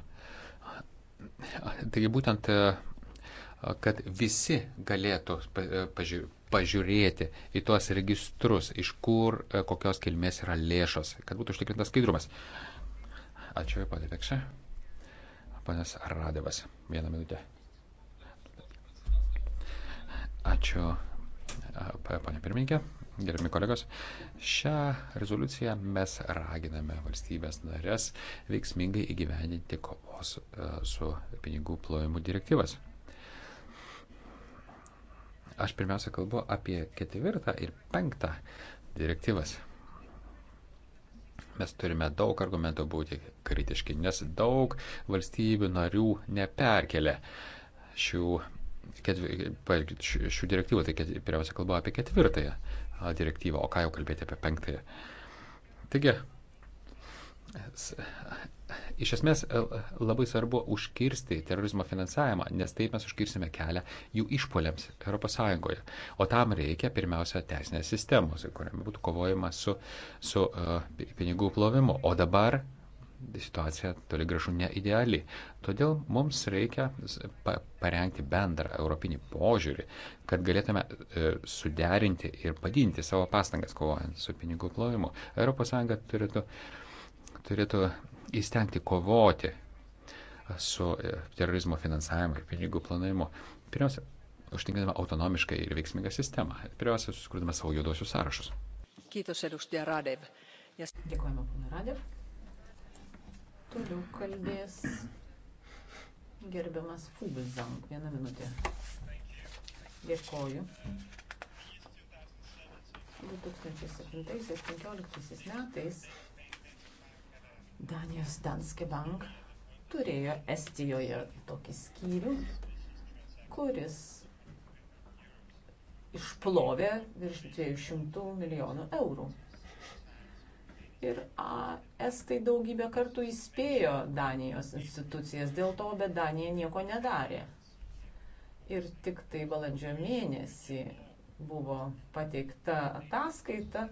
Taigi būtent, kad visi galėtų pažiūrėti į tuos registrus, iš kur, kokios kilmės yra lėšos, kad būtų užtikrintas skaidrumas. Ačiū, padė Vekšė. Panas Radevas, vieną minutę. Ačiū, Pane pirmininkė, gerbiami kolegos, šią rezoliuciją mes raginame valstybės narės veiksmingai įgyvendinti kovos e, su pinigų plojimu direktyvas. Aš pirmiausia kalbu apie ketvirtą ir penktą direktyvas. Mes turime daug argumentų būti kritiški, nes daug valstybių narių neperkelia šių šių direktyvų, tai pirmiausia kalbu apie ketvirtąją direktyvą, o ką jau kalbėti apie penktąją. Taigi, iš esmės e, labai svarbu užkirsti terorizmo finansavimą, nes taip mes užkirsime kelią jų išpoliams ES. O tam reikia pirmiausia teisinės sistemos, kuriame būtų kovojama su, su uh, pinigų plovimu. O dabar situacija toli gražu ne ideali. Todėl mums reikia parengti bendrą europinį požiūrį, kad galėtume e, suderinti ir padinti savo pastangas kovojant su pinigų plovimu. ES turėtų, turėtų įstengti kovoti su e, terorizmo finansavimu ir pinigų planavimu. Pirmiausia, užtinkrinama autonomišką ir veiksmingą sistemą. Pirmiausia, susikurdama savo juodosius sąrašus. Kiitos, edustaja Radev. Dėkojame, pana Radev. Toliau kalbės gerbiamas Fubizam. Vieną minutę. Dėkoju. 2007-2015 metais Danijos Danske Bank turėjo Estijoje tokį skyrių, kuris išplovė virš 200 milijonų eurų. Ir estai daugybę kartų įspėjo Danijos institucijas dėl to, bet Danija nieko nedarė. Ir tik tai balandžio mėnesį buvo pateikta ataskaita,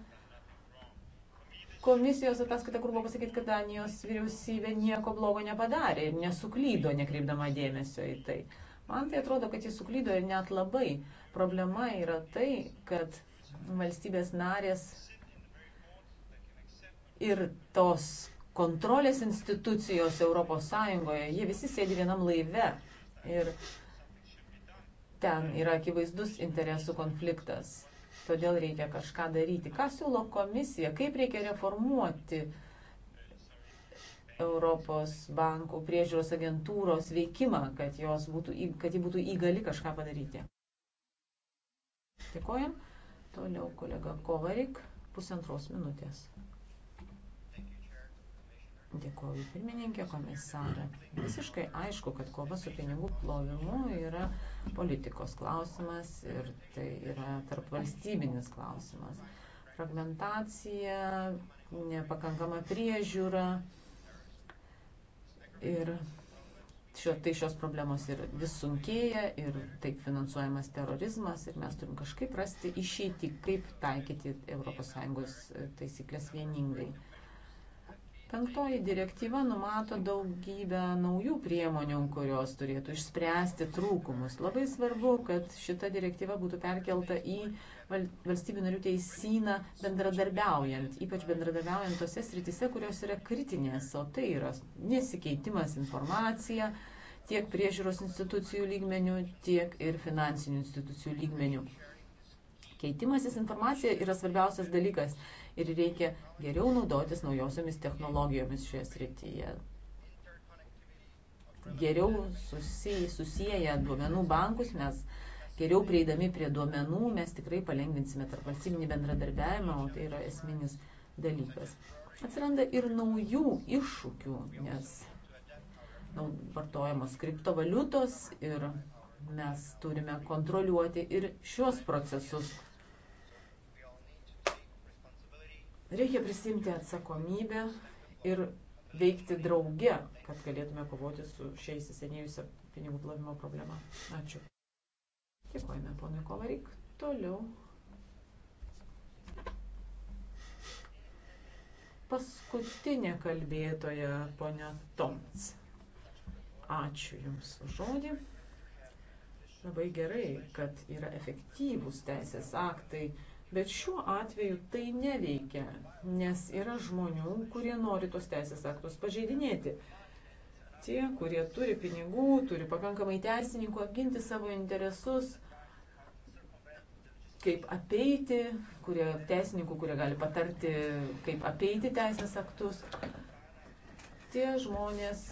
komisijos ataskaita, kur buvo pasakyti, kad Danijos vyriausybė nieko blogo nepadarė ir nesuklydo, nekreipdama dėmesio į tai. Man tai atrodo, kad jis suklydo ir net labai. Problema yra tai, kad valstybės narės ir tos kontrolės institucijos Europos Sąjungoje, jie visi sėdi vienam laive ir ten yra akivaizdus interesų konfliktas. Todėl reikia kažką daryti. Ką siūlo komisija? Kaip reikia reformuoti Europos bankų priežiūros agentūros veikimą, kad, būtų, kad ji būtų įgali kažką padaryti? Dėkojam. Toliau kolega Kovarik, pusantros minutės. Dėkuoju pirmininkė, komisarė. Visiškai aišku, kad kova su pinigų plovimu yra politikos klausimas ir tai yra tarp valstybinis klausimas. Fragmentacija, nepakankama priežiūra ir šio, tai šios problemos ir vis sunkėja ir taip finansuojamas terorizmas ir mes turim kažkaip rasti išeitį, kaip taikyti ES taisyklės vieningai Penktoji direktyva numato daugybę naujų priemonių, kurios turėtų išspręsti trūkumus. Labai svarbu, kad šita direktyva būtų perkelta į valstybių narių teisyną bendradarbiaujant, ypač bendradarbiaujant tose sritise, kurios yra kritinės, o tai yra nesikeitimas informacija tiek priežiūros institucijų lygmenių, tiek ir finansinių institucijų lygmenių. Keitimasis informacija yra svarbiausias dalykas ir reikia geriau naudotis naujosiomis technologijomis šioje srityje. Geriau susiję, susiję duomenų bankus mes geriau prieidami prie duomenų mes tikrai palengvinsime tarp valstybinį bendradarbiavimą, o tai yra esminis dalykas. Atsiranda ir naujų iššūkių, nes nu, vartojamos kriptovaliutos ir mes turime kontroliuoti ir šios procesus. Reikia prisimti atsakomybę ir veikti drauge, kad galėtume kovoti su šiais įsisenėjusią pinigų plovimo problema. Ačiū. Dėkojame, ponui Kovarik. Toliau. Paskutinė kalbėtoja, ponia Toms. Ačiū Jums už žodį. Labai gerai, kad yra efektyvūs teisės aktai Bet šiuo atveju tai neveikia, nes yra žmonių, kurie nori tos teisės aktus pažeidinėti. Tie, kurie turi pinigų, turi pakankamai teisininkų apginti savo interesus, kaip apeiti, kurie teisininkų, kurie gali patarti, kaip apeiti teisės aktus. Tie žmonės,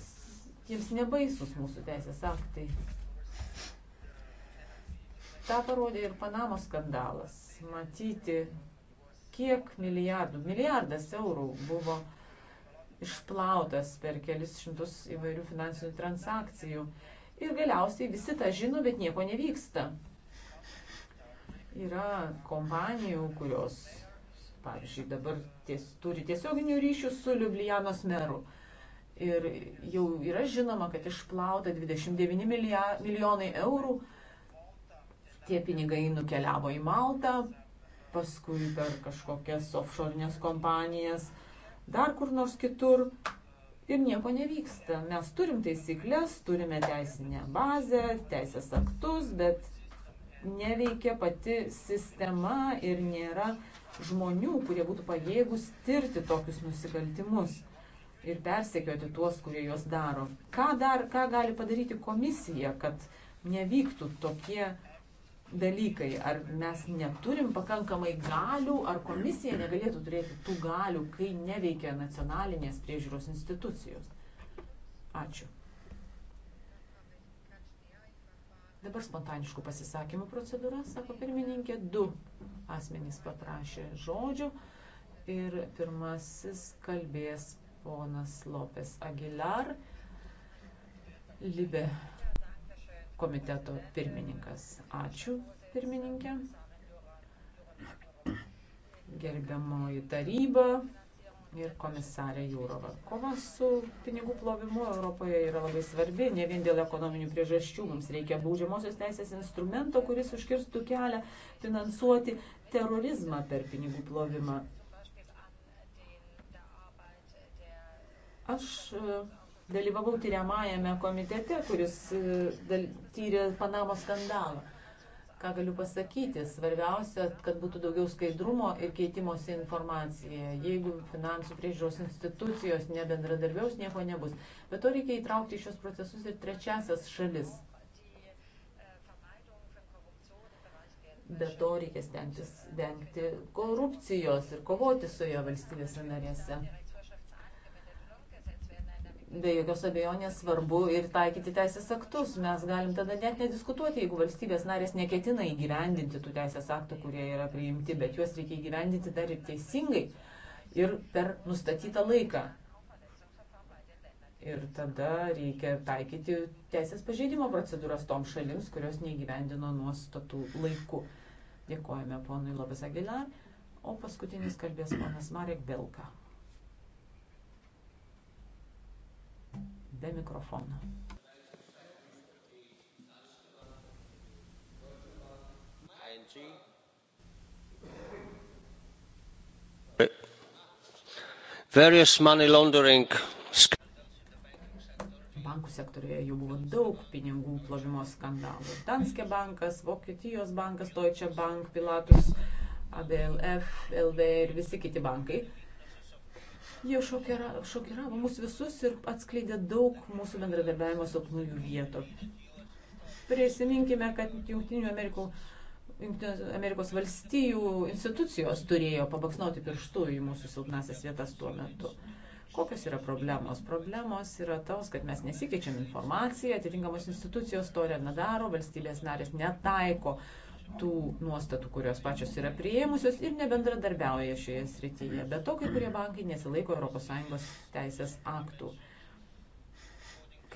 jiems nebaisus mūsų teisės aktai. Ta parodė ir Panamos skandalas matyti, kiek milijardų, milijardas eurų buvo išplautas per kelis šimtus įvairių finansinių transakcijų. Ir galiausiai visi tą žino, bet nieko nevyksta. Yra kompanijų, kurios, pavyzdžiui, dabar ties, turi tiesioginių ryšių su Liublianos meru. Ir jau yra žinoma, kad išplauta 29 milijonai eurų Tie pinigai nukeliavo į Maltą, paskui per kažkokias offshore'inės kompanijas, dar kur nors kitur ir nieko nevyksta. Mes turim taisyklės, turime teisinę bazę, teisės aktus, bet neveikia pati sistema ir nėra žmonių, kurie būtų pajėgus tirti tokius nusikaltimus ir persekioti tuos, kurie juos daro. Ką dar, ką gali padaryti komisija, kad nevyktų tokie dalykai. Ar mes neturim pakankamai galių, ar komisija negalėtų turėti tų galių, kai neveikia nacionalinės priežiūros institucijos. Ačiū. Dabar spontaniškų pasisakymų procedūra, sako pirmininkė, du asmenys paprašė žodžio ir pirmasis kalbės ponas Lopes Aguilar, Libe komiteto pirmininkas. Ačiū, pirmininkė. Gerbiamoji taryba ir komisarė Jūrova. Kova su pinigų plovimu Europoje yra labai svarbi, ne vien dėl ekonominių priežasčių. Mums reikia baudžiamosios teisės instrumento, kuris užkirstų kelią finansuoti terorizmą per pinigų plovimą. Aš dalyvavau tyriamajame komitete, kuris e, dal, tyrė Panamo skandalą. Ką galiu pasakyti? Svarbiausia, kad būtų daugiau skaidrumo ir keitimosi informacija. Jeigu finansų priežiūros institucijos nebendradarbiaus, nieko nebus. Bet to reikia įtraukti į šios procesus ir trečiasias šalis. Be to reikia stengtis vengti korupcijos ir kovoti su jo valstybėse narėse be jokios abejonės svarbu ir taikyti teisės aktus. Mes galim tada net nediskutuoti, jeigu valstybės narės neketina įgyvendinti tų teisės aktų, kurie yra priimti, bet juos reikia įgyvendinti dar ir teisingai ir per nustatytą laiką. Ir tada reikia taikyti teisės pažeidimo procedūras tom šalims, kurios neįgyvendino nuostatų laiku. Dėkojame ponui Lopes Agilar, o paskutinis kalbės ponas Marek Belka. be mikrofono. Various money laundering bankų sektoriuje jau buvo daug pinigų plovimo skandalų. Danske bankas, Vokietijos bankas, Deutsche Bank, Pilatus, ABLF, LV ir visi kiti bankai Jie šokira, šokiravo mus visus ir atskleidė daug mūsų bendradarbiavimo silpnųjų vietų. Prisiminkime, kad Junktinių Amerikų, Junktinių Amerikos valstijų institucijos turėjo pabaksnauti pirštų į mūsų silpnasias vietas tuo metu. Kokios yra problemos? Problemos yra tos, kad mes nesikeičiam informaciją, atitinkamos institucijos to nedaro, valstybės narės netaiko uh, tų nuostatų, kurios pačios yra prieimusios ir nebendradarbiauja šioje srityje. Bet to kai kurie bankai nesilaiko ES teisės aktų.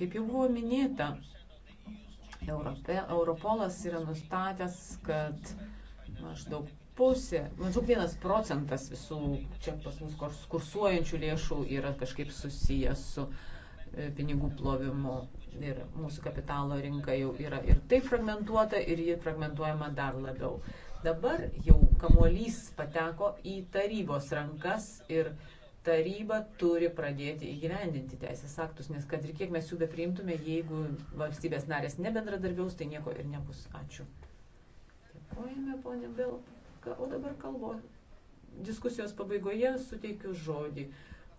Kaip jau buvo minėta, Europe, Europolas yra nustatęs, kad maždaug pusė, maždaug vienas procentas visų čia pas mus kursuojančių lėšų yra kažkaip susijęs su e, pinigų plovimu ir mūsų kapitalo rinka jau yra ir taip fragmentuota ir ji fragmentuojama dar labiau. Dabar jau kamuolys pateko į tarybos rankas ir taryba turi pradėti įgyvendinti teisės aktus, nes kad ir kiek mes jų bepriimtume, jeigu valstybės narės nebendradarbiaus, tai nieko ir nebus. Ačiū. Dėkojame, ponė Belka. O dabar kalbo. Diskusijos pabaigoje suteikiu žodį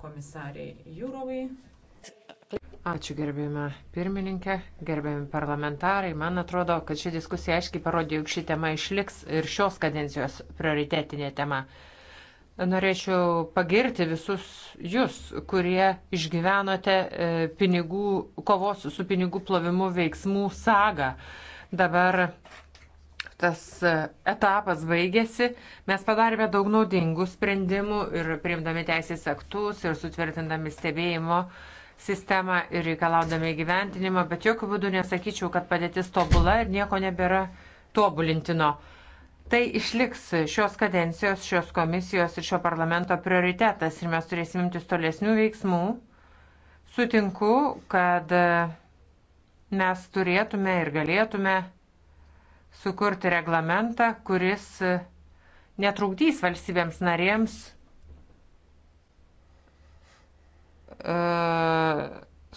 komisariai Jūrovai. Ačiū gerbėjimą pirmininkę, gerbėjimą parlamentarai. Man atrodo, kad ši diskusija aiškiai parodė, jog ši tema išliks ir šios kadencijos prioritetinė tema. Norėčiau pagirti visus jūs, kurie išgyvenote e, pinigų, kovos su pinigų plovimu veiksmų sagą. Dabar tas e, etapas baigėsi, mes padarėme daug naudingų sprendimų ir priimdami teisės aktus ir sutvirtindami stebėjimo uh, sistemą ir reikalaudami gyventinimo, bet jokių būdų nesakyčiau, kad padėtis tobula ir nieko nebėra tobulintino. Tai išliks šios kadencijos, šios komisijos ir šio parlamento prioritetas ir mes turėsim imtis tolesnių veiksmų. Sutinku, kad mes turėtume ir galėtume sukurti reglamentą, kuris netrukdys valstybėms narėms E,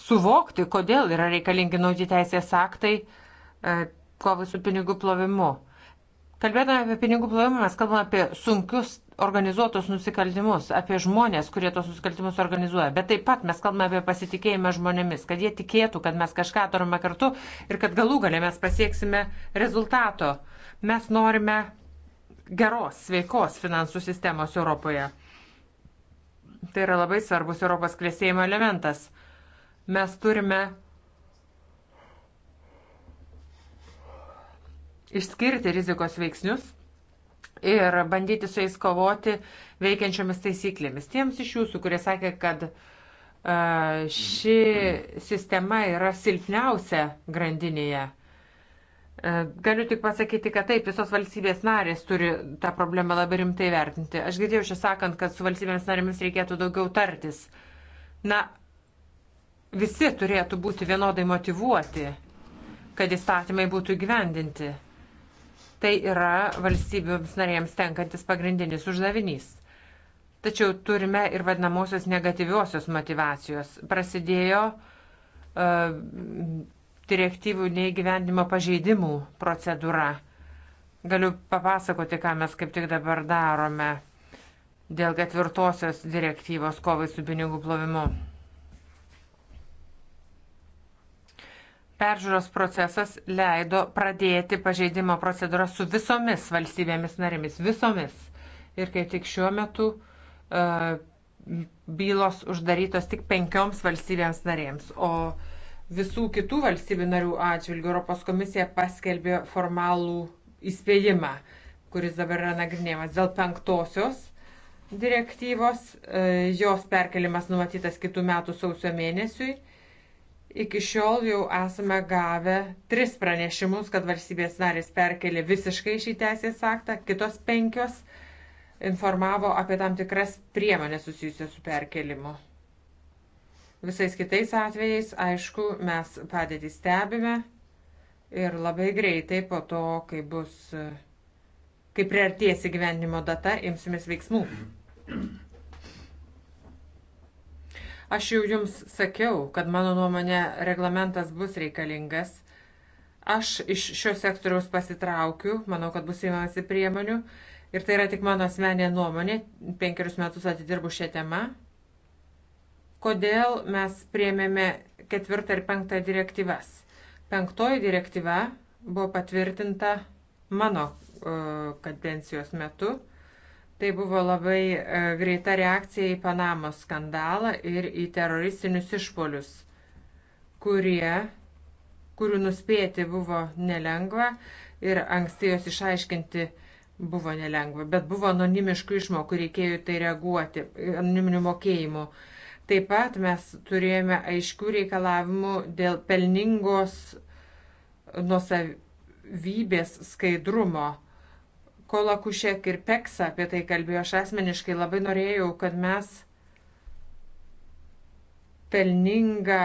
suvokti, kodėl yra reikalingi nauji teisės aktai e, kovai su pinigų plovimu. Kalbėdami apie pinigų plovimą, mes kalbame apie sunkius organizuotus nusikaltimus, apie žmonės, kurie tos nusikaltimus organizuoja. Bet taip pat mes kalbame apie pasitikėjimą žmonėmis, kad jie tikėtų, kad mes kažką darome kartu ir kad galų galę mes pasieksime rezultato. Mes norime geros, sveikos finansų sistemos Europoje. Tai yra labai svarbus Europos klėsėjimo elementas. Mes turime išskirti rizikos veiksnius ir bandyti su jais kovoti veikiančiomis taisyklėmis. Tiems iš jūsų, kurie sakė, kad ši sistema yra silpniausia grandinėje E, galiu tik pasakyti, kad taip, visos valstybės narės turi tą problemą labai rimtai vertinti. Aš girdėjau čia sakant, kad su valstybėmis narėmis reikėtų daugiau tartis. Na, visi turėtų būti vienodai motivuoti, kad įstatymai būtų gyvendinti. Tai yra valstybėms narėms tenkantis pagrindinis uždavinys. Tačiau turime ir vadinamosios negatyviosios motivacijos. Prasidėjo uh, direktyvų neįgyvendimo pažeidimų procedūra. Galiu papasakoti, ką mes kaip tik dabar darome dėl ketvirtosios direktyvos kovai su pinigų plovimu. Peržiūros procesas leido pradėti pažeidimo procedūrą su visomis valstybėmis narėmis, visomis. Ir kai tik šiuo metu uh, bylos uždarytos tik penkioms valstybėms narėms, o uh, visų kitų valstybių narių atžvilgių Europos komisija paskelbė formalų įspėjimą, kuris dabar yra nagrinėjamas dėl penktosios direktyvos. E, jos perkelimas numatytas kitų metų sausio mėnesiui. Iki šiol jau esame gavę tris pranešimus, kad valstybės narės perkelė visiškai šį teisės aktą, kitos penkios informavo apie tam tikras priemonės susijusios su perkelimu. Visais kitais atvejais, aišku, mes padėtį stebime ir labai greitai po to, kai bus, kai priartės įgyvendimo data, imsimės veiksmų. Aš jau jums sakiau, kad mano nuomonė reglamentas bus reikalingas. Aš iš šio sektoriaus pasitraukiu, manau, kad bus įmamasi priemonių ir tai yra tik mano asmenė nuomonė, penkerius metus atidirbu šią temą kodėl mes priemėme ketvirtą ir penktą direktyvas. Penktoji direktyva buvo patvirtinta mano e, kadencijos metu. Tai buvo labai e, greita reakcija į Panamos skandalą ir į teroristinius išpolius, kurie, kurių nuspėti buvo nelengva ir anksti jos išaiškinti buvo nelengva, bet buvo anonimiškų išmokų, reikėjo tai reaguoti, anoniminių mokėjimų. Uh, Taip pat mes turėjome aiškių reikalavimų dėl pelningos nusavybės skaidrumo. Kolakušek ir Peksa apie tai kalbėjo, aš asmeniškai labai norėjau, kad mes pelningą,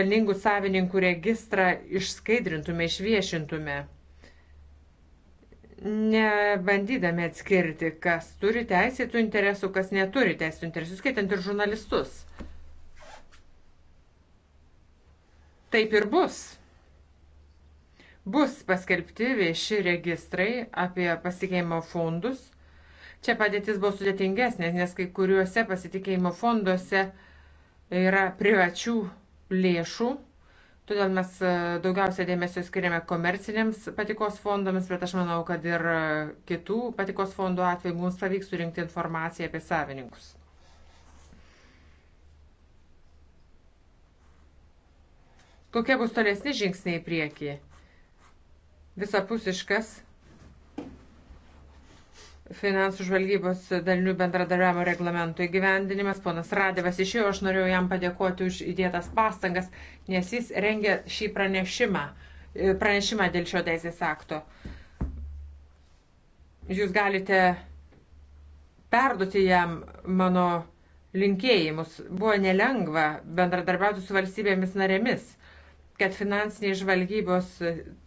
pelningų savininkų registrą išskaidrintume, išviešintume nebandydami atskirti, kas turi teisėtų interesų, kas neturi teisėtų interesų, skaitant ir žurnalistus. Taip ir bus. Bus paskelbti vieši registrai apie pasikeimo fondus. Čia padėtis buvo sudėtingesnė, nes kai kuriuose pasikeimo fonduose yra privačių lėšų Todėl mes e, daugiausia dėmesio skiriame komerciniams patikos fondams, bet aš manau, kad ir e, kitų patikos fondų atveju mums pavyks surinkti informaciją apie savininkus. Kokie bus tolesni žingsniai į priekį? Visapusiškas finansų žvalgybos dalinių bendradarbiavimo reglamento įgyvendinimas. Ponas Radėvas išėjo, aš norėjau jam padėkoti už įdėtas pastangas, nes jis rengė šį pranešimą, e, pranešimą dėl šio teisės akto. Jūs galite perduoti jam mano linkėjimus. Buvo nelengva bendradarbiauti su valstybėmis narėmis kad finansiniai žvalgybos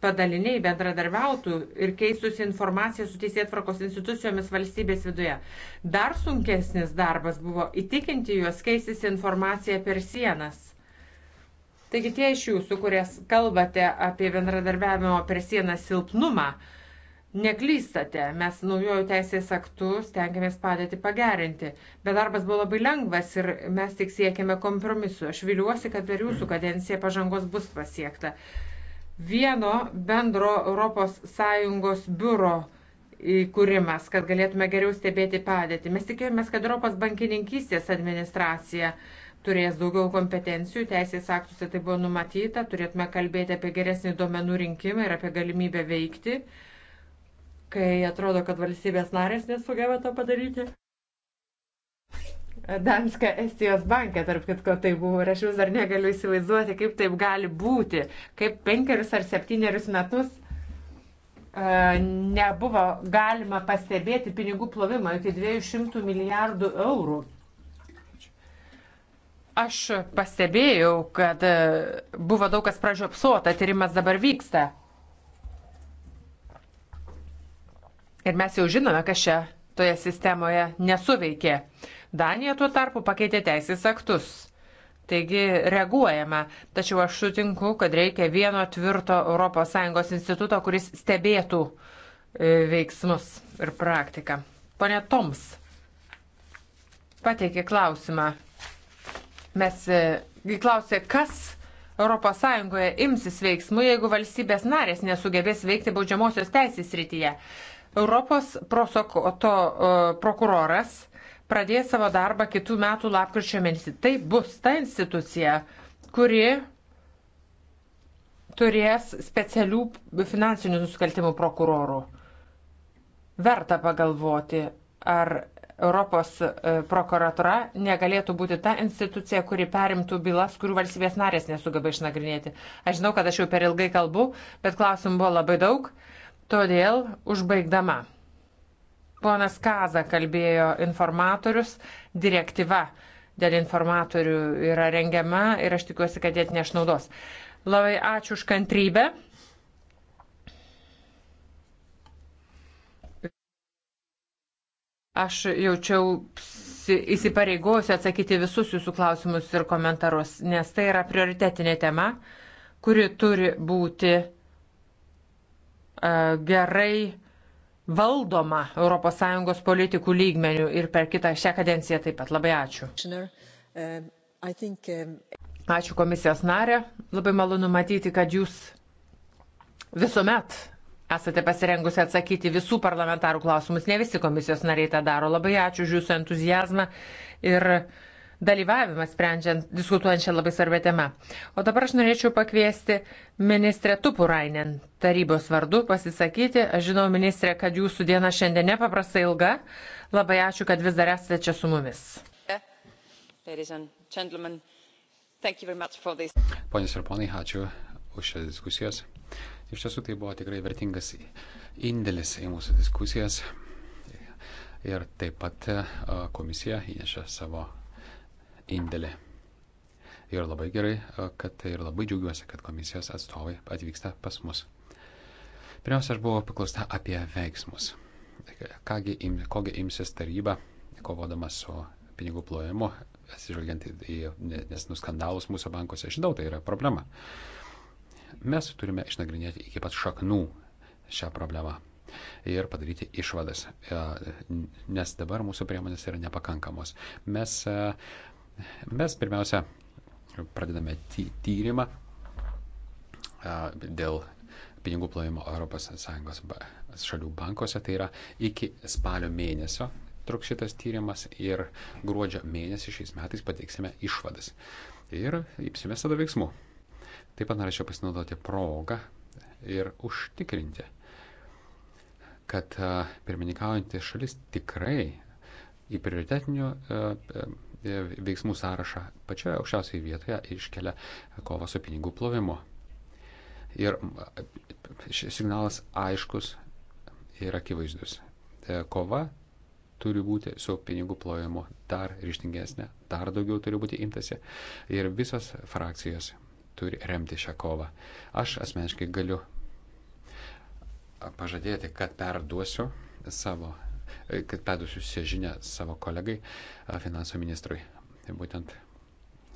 padaliniai bendradarbiautų ir keistųsi informaciją su teisėtvarkos institucijomis valstybės viduje. Dar sunkesnis darbas buvo įtikinti juos keistis informaciją per sienas. Taigi tie iš jūsų, kurie kalbate apie bendradarbiavimo per sieną silpnumą, uh, Neklystate, mes naujojų teisės aktų stengiamės padėti pagerinti, bet darbas buvo labai lengvas ir mes tik siekiame kompromisu. Aš viliuosi, kad per jūsų kadenciją pažangos bus pasiekta. Vieno bendro ES biuro įkūrimas, kad galėtume geriau stebėti padėtį. Mes tikėjomės, kad Europos bankininkystės administracija turės daugiau kompetencijų, teisės aktuose tai buvo numatyta, turėtume kalbėti apie geresnį duomenų rinkimą ir apie galimybę veikti kai atrodo, kad valstybės narės nesugeba to padaryti. Danska Estijos bankė, tarp kitko, tai buvo ir aš vis dar negaliu įsivaizduoti, kaip taip gali būti, kaip penkerius ar septynerius metus e, nebuvo galima pastebėti pinigų plovimą iki 200 milijardų eurų. Aš pastebėjau, kad e, buvo daug kas pražiopsuota, tyrimas dabar vyksta. Ir mes jau žinome, kas čia toje sistemoje nesuveikė. Danija tuo tarpu pakeitė teisės aktus. Taigi reaguojame, tačiau aš sutinku, kad reikia vieno tvirto ES instituto, kuris stebėtų e, veiksmus ir praktiką. Pone Toms pateikė klausimą. Mes e, klausė, kas ES imsis veiksmų, jeigu valstybės narės nesugebės veikti baudžiamosios teisės rytyje. Europos prosokoto e, prokuroras pradės savo darbą kitų metų lapkričio mėnesį. Tai bus ta institucija, kuri turės specialių finansinių nusikaltimų prokurorų. Verta pagalvoti, ar Europos e, prokuratura negalėtų būti ta institucija, kuri perimtų bylas, kurių valstybės narės nesugeba išnagrinėti. Aš žinau, kad aš jau per ilgai kalbu, bet klausimų buvo labai daug. Todėl, užbaigdama, ponas Kaza kalbėjo informatorius, direktyva dėl informatorių yra rengiama ir aš tikiuosi, kad jie atneš naudos. Labai ačiū už kantrybę. Aš jaučiau įsipareigojusi atsakyti visus jūsų klausimus ir komentarus, nes tai yra prioritetinė tema, kuri turi būti E, gerai valdoma ES politikų lygmenių ir per kitą šią kadenciją taip pat. Labai ačiū. Um, um, ačiū komisijos narė. Labai malonu matyti, kad jūs visuomet esate pasirengusi atsakyti visų parlamentarų klausimus. Ne visi komisijos nariai tą daro. Labai ačiū už jūsų entuzijazmą ir dalyvavimas sprendžiant, diskutuojant šią labai svarbę temą. O dabar aš norėčiau pakviesti ministrę Tupurainen tarybos vardu pasisakyti. Aš žinau, ministrė, kad jūsų diena šiandien nepaprastai ilga. Labai ačiū, kad vis dar esate čia su mumis. Ponios ir ponai, ačiū už šias diskusijas. Iš tiesų tai buvo tikrai vertingas indėlis į mūsų diskusijas ir taip pat komisija įnešė savo indėlį. Ir labai gerai, kad tai ir labai džiaugiuosi, kad komisijos atstovai atvyksta pas mus. Pirmiausia, aš buvau paklausta apie veiksmus. Kągi, im, kogi imsis taryba, kovodama su pinigų plojimu, atsižvelgiant į nesnus skandalus mūsų bankuose, žinau, tai yra problema. Mes turime išnagrinėti iki pat šaknų šią problemą ir padaryti išvadas, nes dabar mūsų priemonės yra nepakankamos. Mes Mes pirmiausia pradedame ty tyrimą dėl pinigų plovimo ES šalių bankuose. Tai yra iki spalio mėnesio truks šitas tyrimas ir gruodžio mėnesį šiais metais pateiksime išvadas. Ir imsimės tada veiksmų. Taip pat norėčiau pasinaudoti progą ir užtikrinti, kad pirmininkaujantis šalis tikrai į prioritetinių E, veiksmų sąrašą pačioje aukščiausioje vietoje iškelia kovą su pinigų plovimu. Ir e, šis signalas aiškus ir akivaizdus. E, kova turi būti su pinigų plovimu dar ryštingesnė, dar daugiau turi būti imtasi ir visos frakcijos turi remti šią kovą. Aš asmeniškai galiu pažadėti, kad perduosiu savo kad perduosiu šią žinią savo kolegai, finansų ministrui. Tai būtent